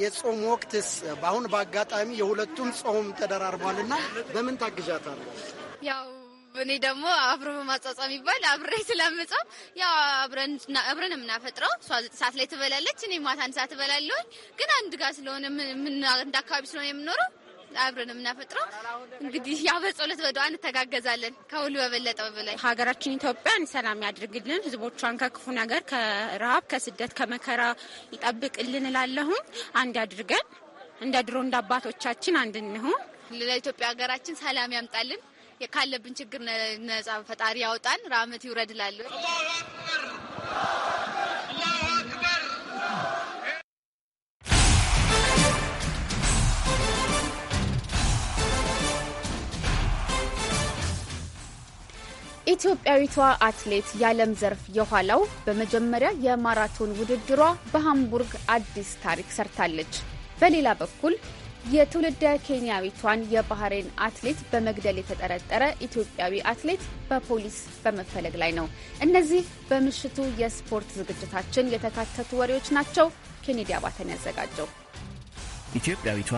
የጾም ወቅትስ በአሁን በአጋጣሚ የሁለቱም ጾም ተደራርቧልና በምን ታግዣታለች? ያው እኔ ደግሞ አብሮ በማጻጻም ይባል አብሬ ስለምጾም ያው አብረን የምናፈጥረው እሷ ዘጠኝ ሰዓት ላይ ትበላለች፣ እኔ ማታ አንድ ሰዓት እበላለሁኝ። ግን አንድ ጋር ስለሆነ እንደ አካባቢ ስለሆነ የምኖረው አብረን የምናፈጥረው። እንግዲህ ያው በጸሎት በዱዓ እንተጋገዛለን። ከሁሉ በበለጠው በላይ ሀገራችን ኢትዮጵያን ሰላም ያድርግልን፣ ህዝቦቿን ከክፉ ነገር፣ ከረሀብ፣ ከስደት፣ ከመከራ ይጠብቅልን እላለሁኝ። አንድ አድርገን እንደ ድሮ እንደ አባቶቻችን አንድ እንሁን። ለኢትዮጵያ ሀገራችን ሰላም ያምጣልን፣ ካለብን ችግር ነጻ ፈጣሪ ያውጣን፣ ራመት ይውረድላሉ። ኢትዮጵያዊቷ አትሌት የዓለም ዘርፍ የኋላው በመጀመሪያ የማራቶን ውድድሯ በሃምቡርግ አዲስ ታሪክ ሰርታለች። በሌላ በኩል የትውልደ ኬንያዊቷን የባህሬን አትሌት በመግደል የተጠረጠረ ኢትዮጵያዊ አትሌት በፖሊስ በመፈለግ ላይ ነው። እነዚህ በምሽቱ የስፖርት ዝግጅታችን የተካተቱ ወሬዎች ናቸው። ኬኔዲ አባተን ያዘጋጀው ኢትዮጵያዊቷ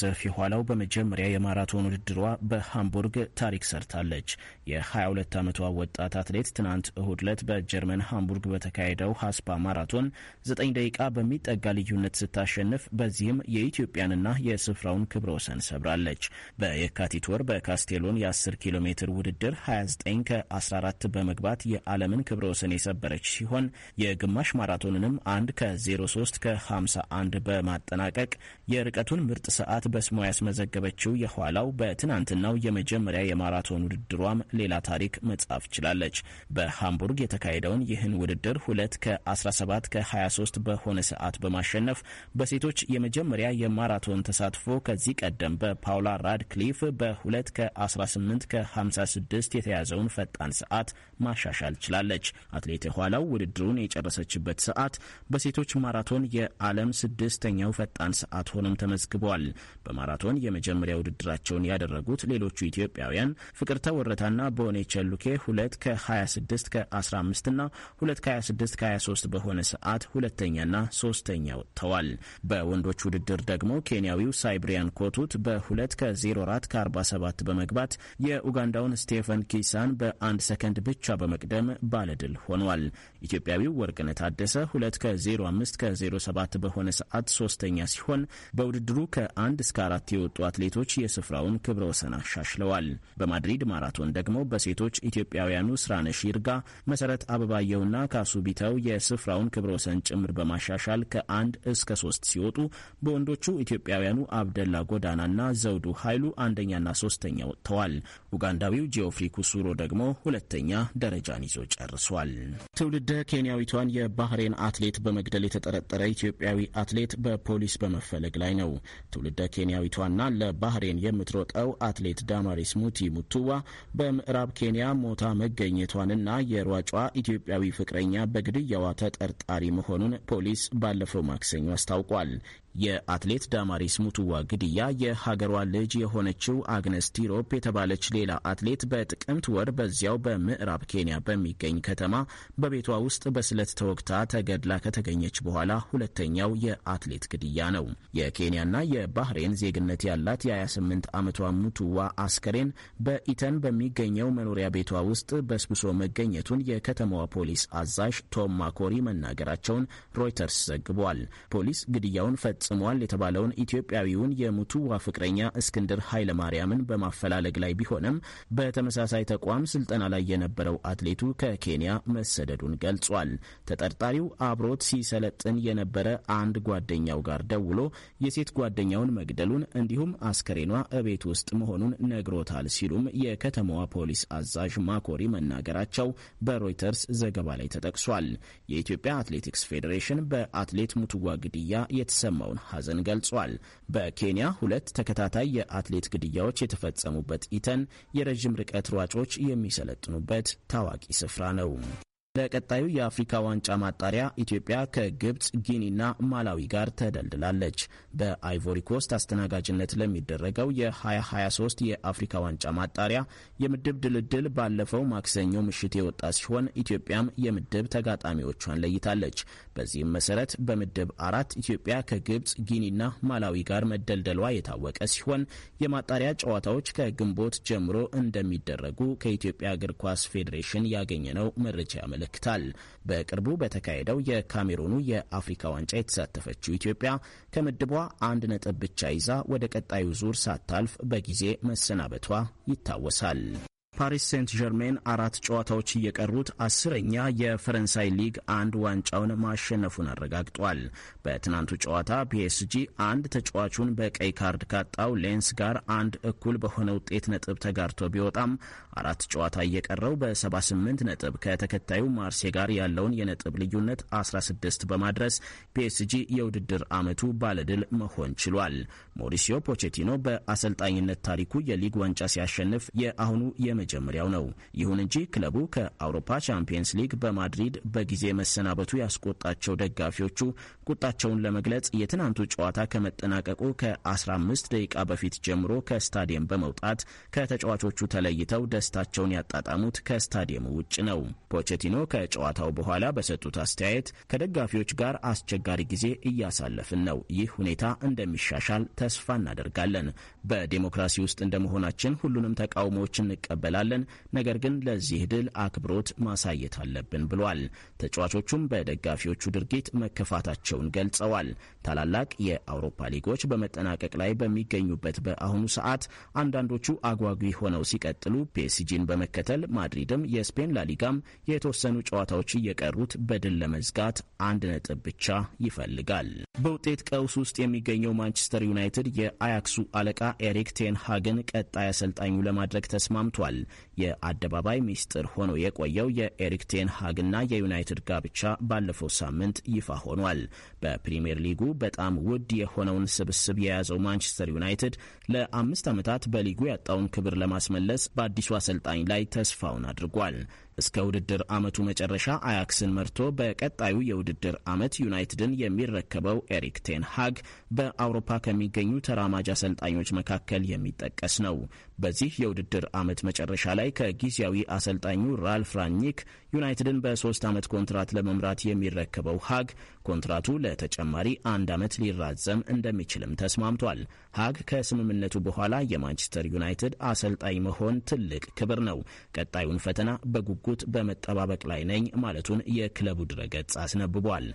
ዘርፍ የኋላው በመጀመሪያ የማራቶን ውድድሯ በሃምቡርግ ታሪክ ሰርታለች። የ22 ዓመቷ ወጣት አትሌት ትናንት እሁድ ዕለት በጀርመን ሃምቡርግ በተካሄደው ሀስፓ ማራቶን 9 ደቂቃ በሚጠጋ ልዩነት ስታሸንፍ፣ በዚህም የኢትዮጵያንና የስፍራውን ክብረ ወሰን ሰብራለች። በየካቲት ወር በካስቴሎን የ10 ኪሎ ሜትር ውድድር 29 ከ14 በመግባት የዓለምን ክብረ ወሰን የሰበረች ሲሆን የግማሽ ማራቶንንም 1 ከ03 ከ51 በማጠናቀቅ የርቀቱን ምርጥ ሰዓት በስሟ ያስመዘገበችው የኋላው በትናንትናው የመጀመሪያ የማራቶን ውድድሯም ሌላ ታሪክ መጻፍ ችላለች። በሃምቡርግ የተካሄደውን ይህን ውድድር ሁለት ከ17 ከ23 በሆነ ሰዓት በማሸነፍ በሴቶች የመጀመሪያ የማራቶን ተሳትፎ ከዚህ ቀደም በፓውላ ራድክሊፍ በ2 ከ18 ከ56 የተያዘውን ፈጣን ሰዓት ማሻሻል ችላለች። አትሌት የኋላው ውድድሩን የጨረሰችበት ሰዓት በሴቶች ማራቶን የዓለም ስድስተኛው ፈጣን ሰዓት ሆነ መሆናቸውንም ተመዝግበዋል። በማራቶን የመጀመሪያ ውድድራቸውን ያደረጉት ሌሎቹ ኢትዮጵያውያን ፍቅርተ ወረታና በሆኔ ቸሉኬ ሁለት ከ26 ከ15 እና ሁለት ከ26 ከ23 በሆነ ሰዓት ሁለተኛና ሶስተኛ ወጥተዋል። በወንዶች ውድድር ደግሞ ኬንያዊው ሳይብሪያን ኮቱት በሁለት ከ04 ከ47 በመግባት የኡጋንዳውን ስቴፈን ኪሳን በአንድ ሰከንድ ብቻ በመቅደም ባለድል ሆኗል። ኢትዮጵያዊው ወርቅነት ታደሰ ሁለት ከ05 ከ07 በሆነ ሰዓት ሶስተኛ ሲሆን በውድድሩ ከአንድ እስከ አራት የወጡ አትሌቶች የስፍራውን ክብረ ወሰን አሻሽለዋል። በማድሪድ ማራቶን ደግሞ በሴቶች ኢትዮጵያውያኑ ስራነሽ ይርጋ፣ መሰረት አበባየውና ካሱ ቢተው የስፍራውን ክብረ ወሰን ጭምር በማሻሻል ከአንድ እስከ ሶስት ሲወጡ በወንዶቹ ኢትዮጵያውያኑ አብደላ ጎዳናና ዘውዱ ኃይሉ አንደኛና ሶስተኛ ወጥተዋል። ኡጋንዳዊው ጂኦፍሪ ኩሱሮ ደግሞ ሁለተኛ ደረጃን ይዞ ጨርሷል። ትውልደ ኬንያዊቷን የባህሬን አትሌት በመግደል የተጠረጠረ ኢትዮጵያዊ አትሌት በፖሊስ በመፈለግ ላይ ላይ ነው። ትውልደ ኬንያዊቷና ለባህሬን የምትሮጠው አትሌት ዳማሪስ ሙቲ ሙቱዋ በምዕራብ ኬንያ ሞታ መገኘቷንና የሯጯ ኢትዮጵያዊ ፍቅረኛ በግድያዋ ተጠርጣሪ መሆኑን ፖሊስ ባለፈው ማክሰኞ አስታውቋል። የአትሌት ዳማሪስ ሙቱዋ ግድያ የሀገሯ ልጅ የሆነችው አግነስ ቲሮፕ የተባለች ሌላ አትሌት በጥቅምት ወር በዚያው በምዕራብ ኬንያ በሚገኝ ከተማ በቤቷ ውስጥ በስለት ተወግታ ተገድላ ከተገኘች በኋላ ሁለተኛው የአትሌት ግድያ ነው። የኬንያና የባህሬን ዜግነት ያላት የ28 ዓመቷ ሙቱዋ አስከሬን በኢተን በሚገኘው መኖሪያ ቤቷ ውስጥ በስብሶ መገኘቱን የከተማዋ ፖሊስ አዛዥ ቶም ማኮሪ መናገራቸውን ሮይተርስ ዘግቧል። ፖሊስ ግድያውን ፈጽ ፈጽሟል የተባለውን ኢትዮጵያዊውን የሙቱዋ ፍቅረኛ እስክንድር ኃይለማርያምን በማፈላለግ ላይ ቢሆንም በተመሳሳይ ተቋም ስልጠና ላይ የነበረው አትሌቱ ከኬንያ መሰደዱን ገልጿል። ተጠርጣሪው አብሮት ሲሰለጥን የነበረ አንድ ጓደኛው ጋር ደውሎ የሴት ጓደኛውን መግደሉን እንዲሁም አስከሬኗ እቤት ውስጥ መሆኑን ነግሮታል ሲሉም የከተማዋ ፖሊስ አዛዥ ማኮሪ መናገራቸው በሮይተርስ ዘገባ ላይ ተጠቅሷል። የኢትዮጵያ አትሌቲክስ ፌዴሬሽን በአትሌት ሙትዋ ግድያ የተሰማውን የተሰማውን ሐዘን ገልጿል። በኬንያ ሁለት ተከታታይ የአትሌት ግድያዎች የተፈጸሙበት ኢተን የረዥም ርቀት ሯጮች የሚሰለጥኑበት ታዋቂ ስፍራ ነው። ለቀጣዩ የአፍሪካ ዋንጫ ማጣሪያ ኢትዮጵያ ከግብፅ፣ ጊኒና ማላዊ ጋር ተደልድላለች። በአይቮሪኮስት አስተናጋጅነት ለሚደረገው የ2023 የአፍሪካ ዋንጫ ማጣሪያ የምድብ ድልድል ባለፈው ማክሰኞ ምሽት የወጣ ሲሆን ኢትዮጵያም የምድብ ተጋጣሚዎቿን ለይታለች። በዚህም መሰረት በምድብ አራት ኢትዮጵያ ከግብፅ፣ ጊኒና ማላዊ ጋር መደልደሏ የታወቀ ሲሆን የማጣሪያ ጨዋታዎች ከግንቦት ጀምሮ እንደሚደረጉ ከኢትዮጵያ እግር ኳስ ፌዴሬሽን ያገኘነው መረጃ ያመለ ያመለክታል። በቅርቡ በተካሄደው የካሜሩኑ የአፍሪካ ዋንጫ የተሳተፈችው ኢትዮጵያ ከምድቧ አንድ ነጥብ ብቻ ይዛ ወደ ቀጣዩ ዙር ሳታልፍ በጊዜ መሰናበቷ ይታወሳል። ፓሪስ ሴንት ጀርሜን አራት ጨዋታዎች እየቀሩት አስረኛ የፈረንሳይ ሊግ አንድ ዋንጫውን ማሸነፉን አረጋግጧል። በትናንቱ ጨዋታ ፒኤስጂ አንድ ተጫዋቹን በቀይ ካርድ ካጣው ሌንስ ጋር አንድ እኩል በሆነ ውጤት ነጥብ ተጋርቶ ቢወጣም አራት ጨዋታ እየቀረው በ78 ነጥብ ከተከታዩ ማርሴ ጋር ያለውን የነጥብ ልዩነት 16 በማድረስ ፒኤስጂ የውድድር ዓመቱ ባለድል መሆን ችሏል። ሞሪሲዮ ፖቼቲኖ በአሰልጣኝነት ታሪኩ የሊግ ዋንጫ ሲያሸንፍ የአሁኑ የመ የመጀመሪያው ነው። ይሁን እንጂ ክለቡ ከአውሮፓ ቻምፒየንስ ሊግ በማድሪድ በጊዜ መሰናበቱ ያስቆጣቸው ደጋፊዎቹ ቁጣቸውን ለመግለጽ የትናንቱ ጨዋታ ከመጠናቀቁ ከ15 ደቂቃ በፊት ጀምሮ ከስታዲየም በመውጣት ከተጫዋቾቹ ተለይተው ደስታቸውን ያጣጣሙት ከስታዲየሙ ውጭ ነው። ፖቼቲኖ ከጨዋታው በኋላ በሰጡት አስተያየት ከደጋፊዎች ጋር አስቸጋሪ ጊዜ እያሳለፍን ነው። ይህ ሁኔታ እንደሚሻሻል ተስፋ እናደርጋለን። በዴሞክራሲ ውስጥ እንደመሆናችን ሁሉንም ተቃውሞዎች እንቀበላል እንችላለን፣ ነገር ግን ለዚህ ድል አክብሮት ማሳየት አለብን ብሏል። ተጫዋቾቹም በደጋፊዎቹ ድርጊት መከፋታቸውን ገልጸዋል። ታላላቅ የአውሮፓ ሊጎች በመጠናቀቅ ላይ በሚገኙበት በአሁኑ ሰዓት አንዳንዶቹ አጓጊ ሆነው ሲቀጥሉ ፔሲጂን በመከተል ማድሪድም የስፔን ላሊጋም የተወሰኑ ጨዋታዎች እየቀሩት በድል ለመዝጋት አንድ ነጥብ ብቻ ይፈልጋል። በውጤት ቀውስ ውስጥ የሚገኘው ማንቸስተር ዩናይትድ የአያክሱ አለቃ ኤሪክ ቴንሃግን ቀጣይ አሰልጣኙ ለማድረግ ተስማምቷል። ገልጸዋል። የአደባባይ ሚስጥር ሆኖ የቆየው የኤሪክ ቴን ሀግና የዩናይትድ ጋብቻ ባለፈው ሳምንት ይፋ ሆኗል። በፕሪምየር ሊጉ በጣም ውድ የሆነውን ስብስብ የያዘው ማንቸስተር ዩናይትድ ለአምስት ዓመታት በሊጉ ያጣውን ክብር ለማስመለስ በአዲሱ አሰልጣኝ ላይ ተስፋውን አድርጓል። እስከ ውድድር ዓመቱ መጨረሻ አያክስን መርቶ በቀጣዩ የውድድር ዓመት ዩናይትድን የሚረከበው ኤሪክ ቴን ሃግ በአውሮፓ ከሚገኙ ተራማጅ አሰልጣኞች መካከል የሚጠቀስ ነው። በዚህ የውድድር ዓመት መጨረሻ ላይ ከጊዜያዊ አሰልጣኙ ራልፍ ራኒክ ዩናይትድን በሶስት ዓመት ኮንትራት ለመምራት የሚረከበው ሀግ ኮንትራቱ ለተጨማሪ አንድ ዓመት ሊራዘም እንደሚችልም ተስማምቷል። ሀግ ከስምምነቱ በኋላ የማንቸስተር ዩናይትድ አሰልጣኝ መሆን ትልቅ ክብር ነው። ቀጣዩን ፈተና በጉጉት በመጠባበቅ ላይ ነኝ ማለቱን የክለቡ ድረገጽ አስነብቧል።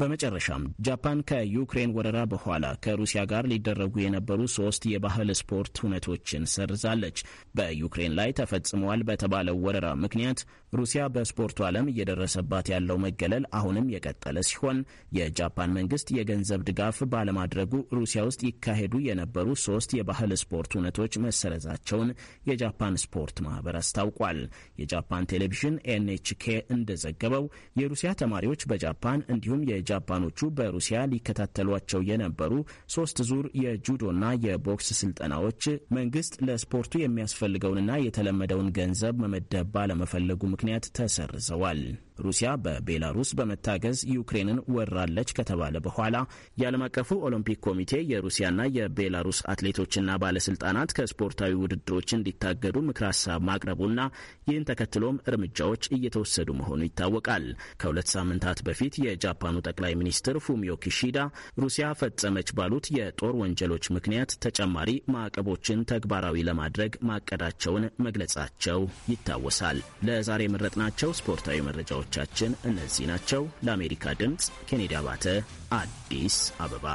በመጨረሻም ጃፓን ከዩክሬን ወረራ በኋላ ከሩሲያ ጋር ሊደረጉ የነበሩ ሶስት የባህል ስፖርት ሁነቶችን ሰርዛለች። በዩክሬን ላይ ተፈጽመዋል በተባለው ወረራ ምክንያት ሩሲያ በስፖርቱ ዓለም እየደረሰባት ያለው መገለል አሁንም የቀጠለ ሲሆን የጃፓን መንግስት የገንዘብ ድጋፍ ባለማድረጉ ሩሲያ ውስጥ ይካሄዱ የነበሩ ሶስት የባህል ስፖርት እውነቶች መሰረዛቸውን የጃፓን ስፖርት ማህበር አስታውቋል። የጃፓን ቴሌቪዥን ኤንኤችኬ እንደዘገበው የሩሲያ ተማሪዎች በጃፓን እንዲሁም የጃፓኖቹ በሩሲያ ሊከታተሏቸው የነበሩ ሶስት ዙር የጁዶና የቦክስ ስልጠናዎች መንግስት ለስፖርቱ የሚያስፈልገውንና የተለመደውን ገንዘብ መመደብ ባለመፈለጉ ምክንያት ተሰርዘዋል። ሩሲያ በቤላሩስ በመታገዝ ዩክሬንን ወራለች ከተባለ በኋላ የዓለም አቀፉ ኦሎምፒክ ኮሚቴ የሩሲያና የቤላሩስ አትሌቶችና ባለስልጣናት ከስፖርታዊ ውድድሮች እንዲታገዱ ምክር ሀሳብ ማቅረቡና ይህን ተከትሎም እርምጃዎች እየተወሰዱ መሆኑ ይታወቃል። ከሁለት ሳምንታት በፊት የጃፓኑ ጠቅላይ ሚኒስትር ፉሚዮ ኪሺዳ ሩሲያ ፈጸመች ባሉት የጦር ወንጀሎች ምክንያት ተጨማሪ ማዕቀቦችን ተግባራዊ ለማድረግ ማቀዳቸውን መግለጻቸው ይታወሳል። ለዛሬ የመረጥናቸው ስፖርታዊ መረጃዎች ርዕሶቻችን እነዚህ ናቸው። ለአሜሪካ ድምፅ ኬኔዲ አባተ አዲስ አበባ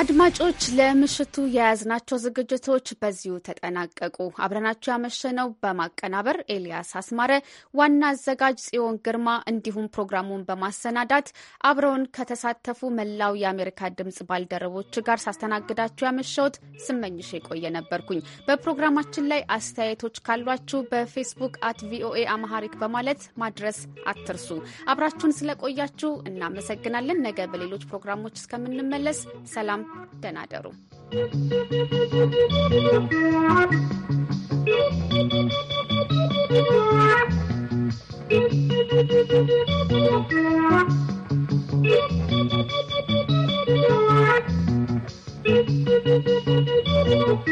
አድማጮች ለምሽቱ የያዝናቸው ዝግጅቶች በዚሁ ተጠናቀቁ። አብረናቸው ያመሸነው በማቀናበር ኤልያስ አስማረ፣ ዋና አዘጋጅ ጽዮን ግርማ እንዲሁም ፕሮግራሙን በማሰናዳት አብረውን ከተሳተፉ መላው የአሜሪካ ድምጽ ባልደረቦች ጋር ሳስተናግዳችሁ ያመሸሁት ስመኝሽ የቆየ ነበርኩኝ። በፕሮግራማችን ላይ አስተያየቶች ካሏችሁ በፌስቡክ አት ቪኦኤ አማሃሪክ በማለት ማድረስ አትርሱ። አብራችሁን ስለቆያችሁ እናመሰግናለን። ነገ በሌሎች ፕሮግራሞች እስከምንመለስ ሰላም ደህና ደሩ።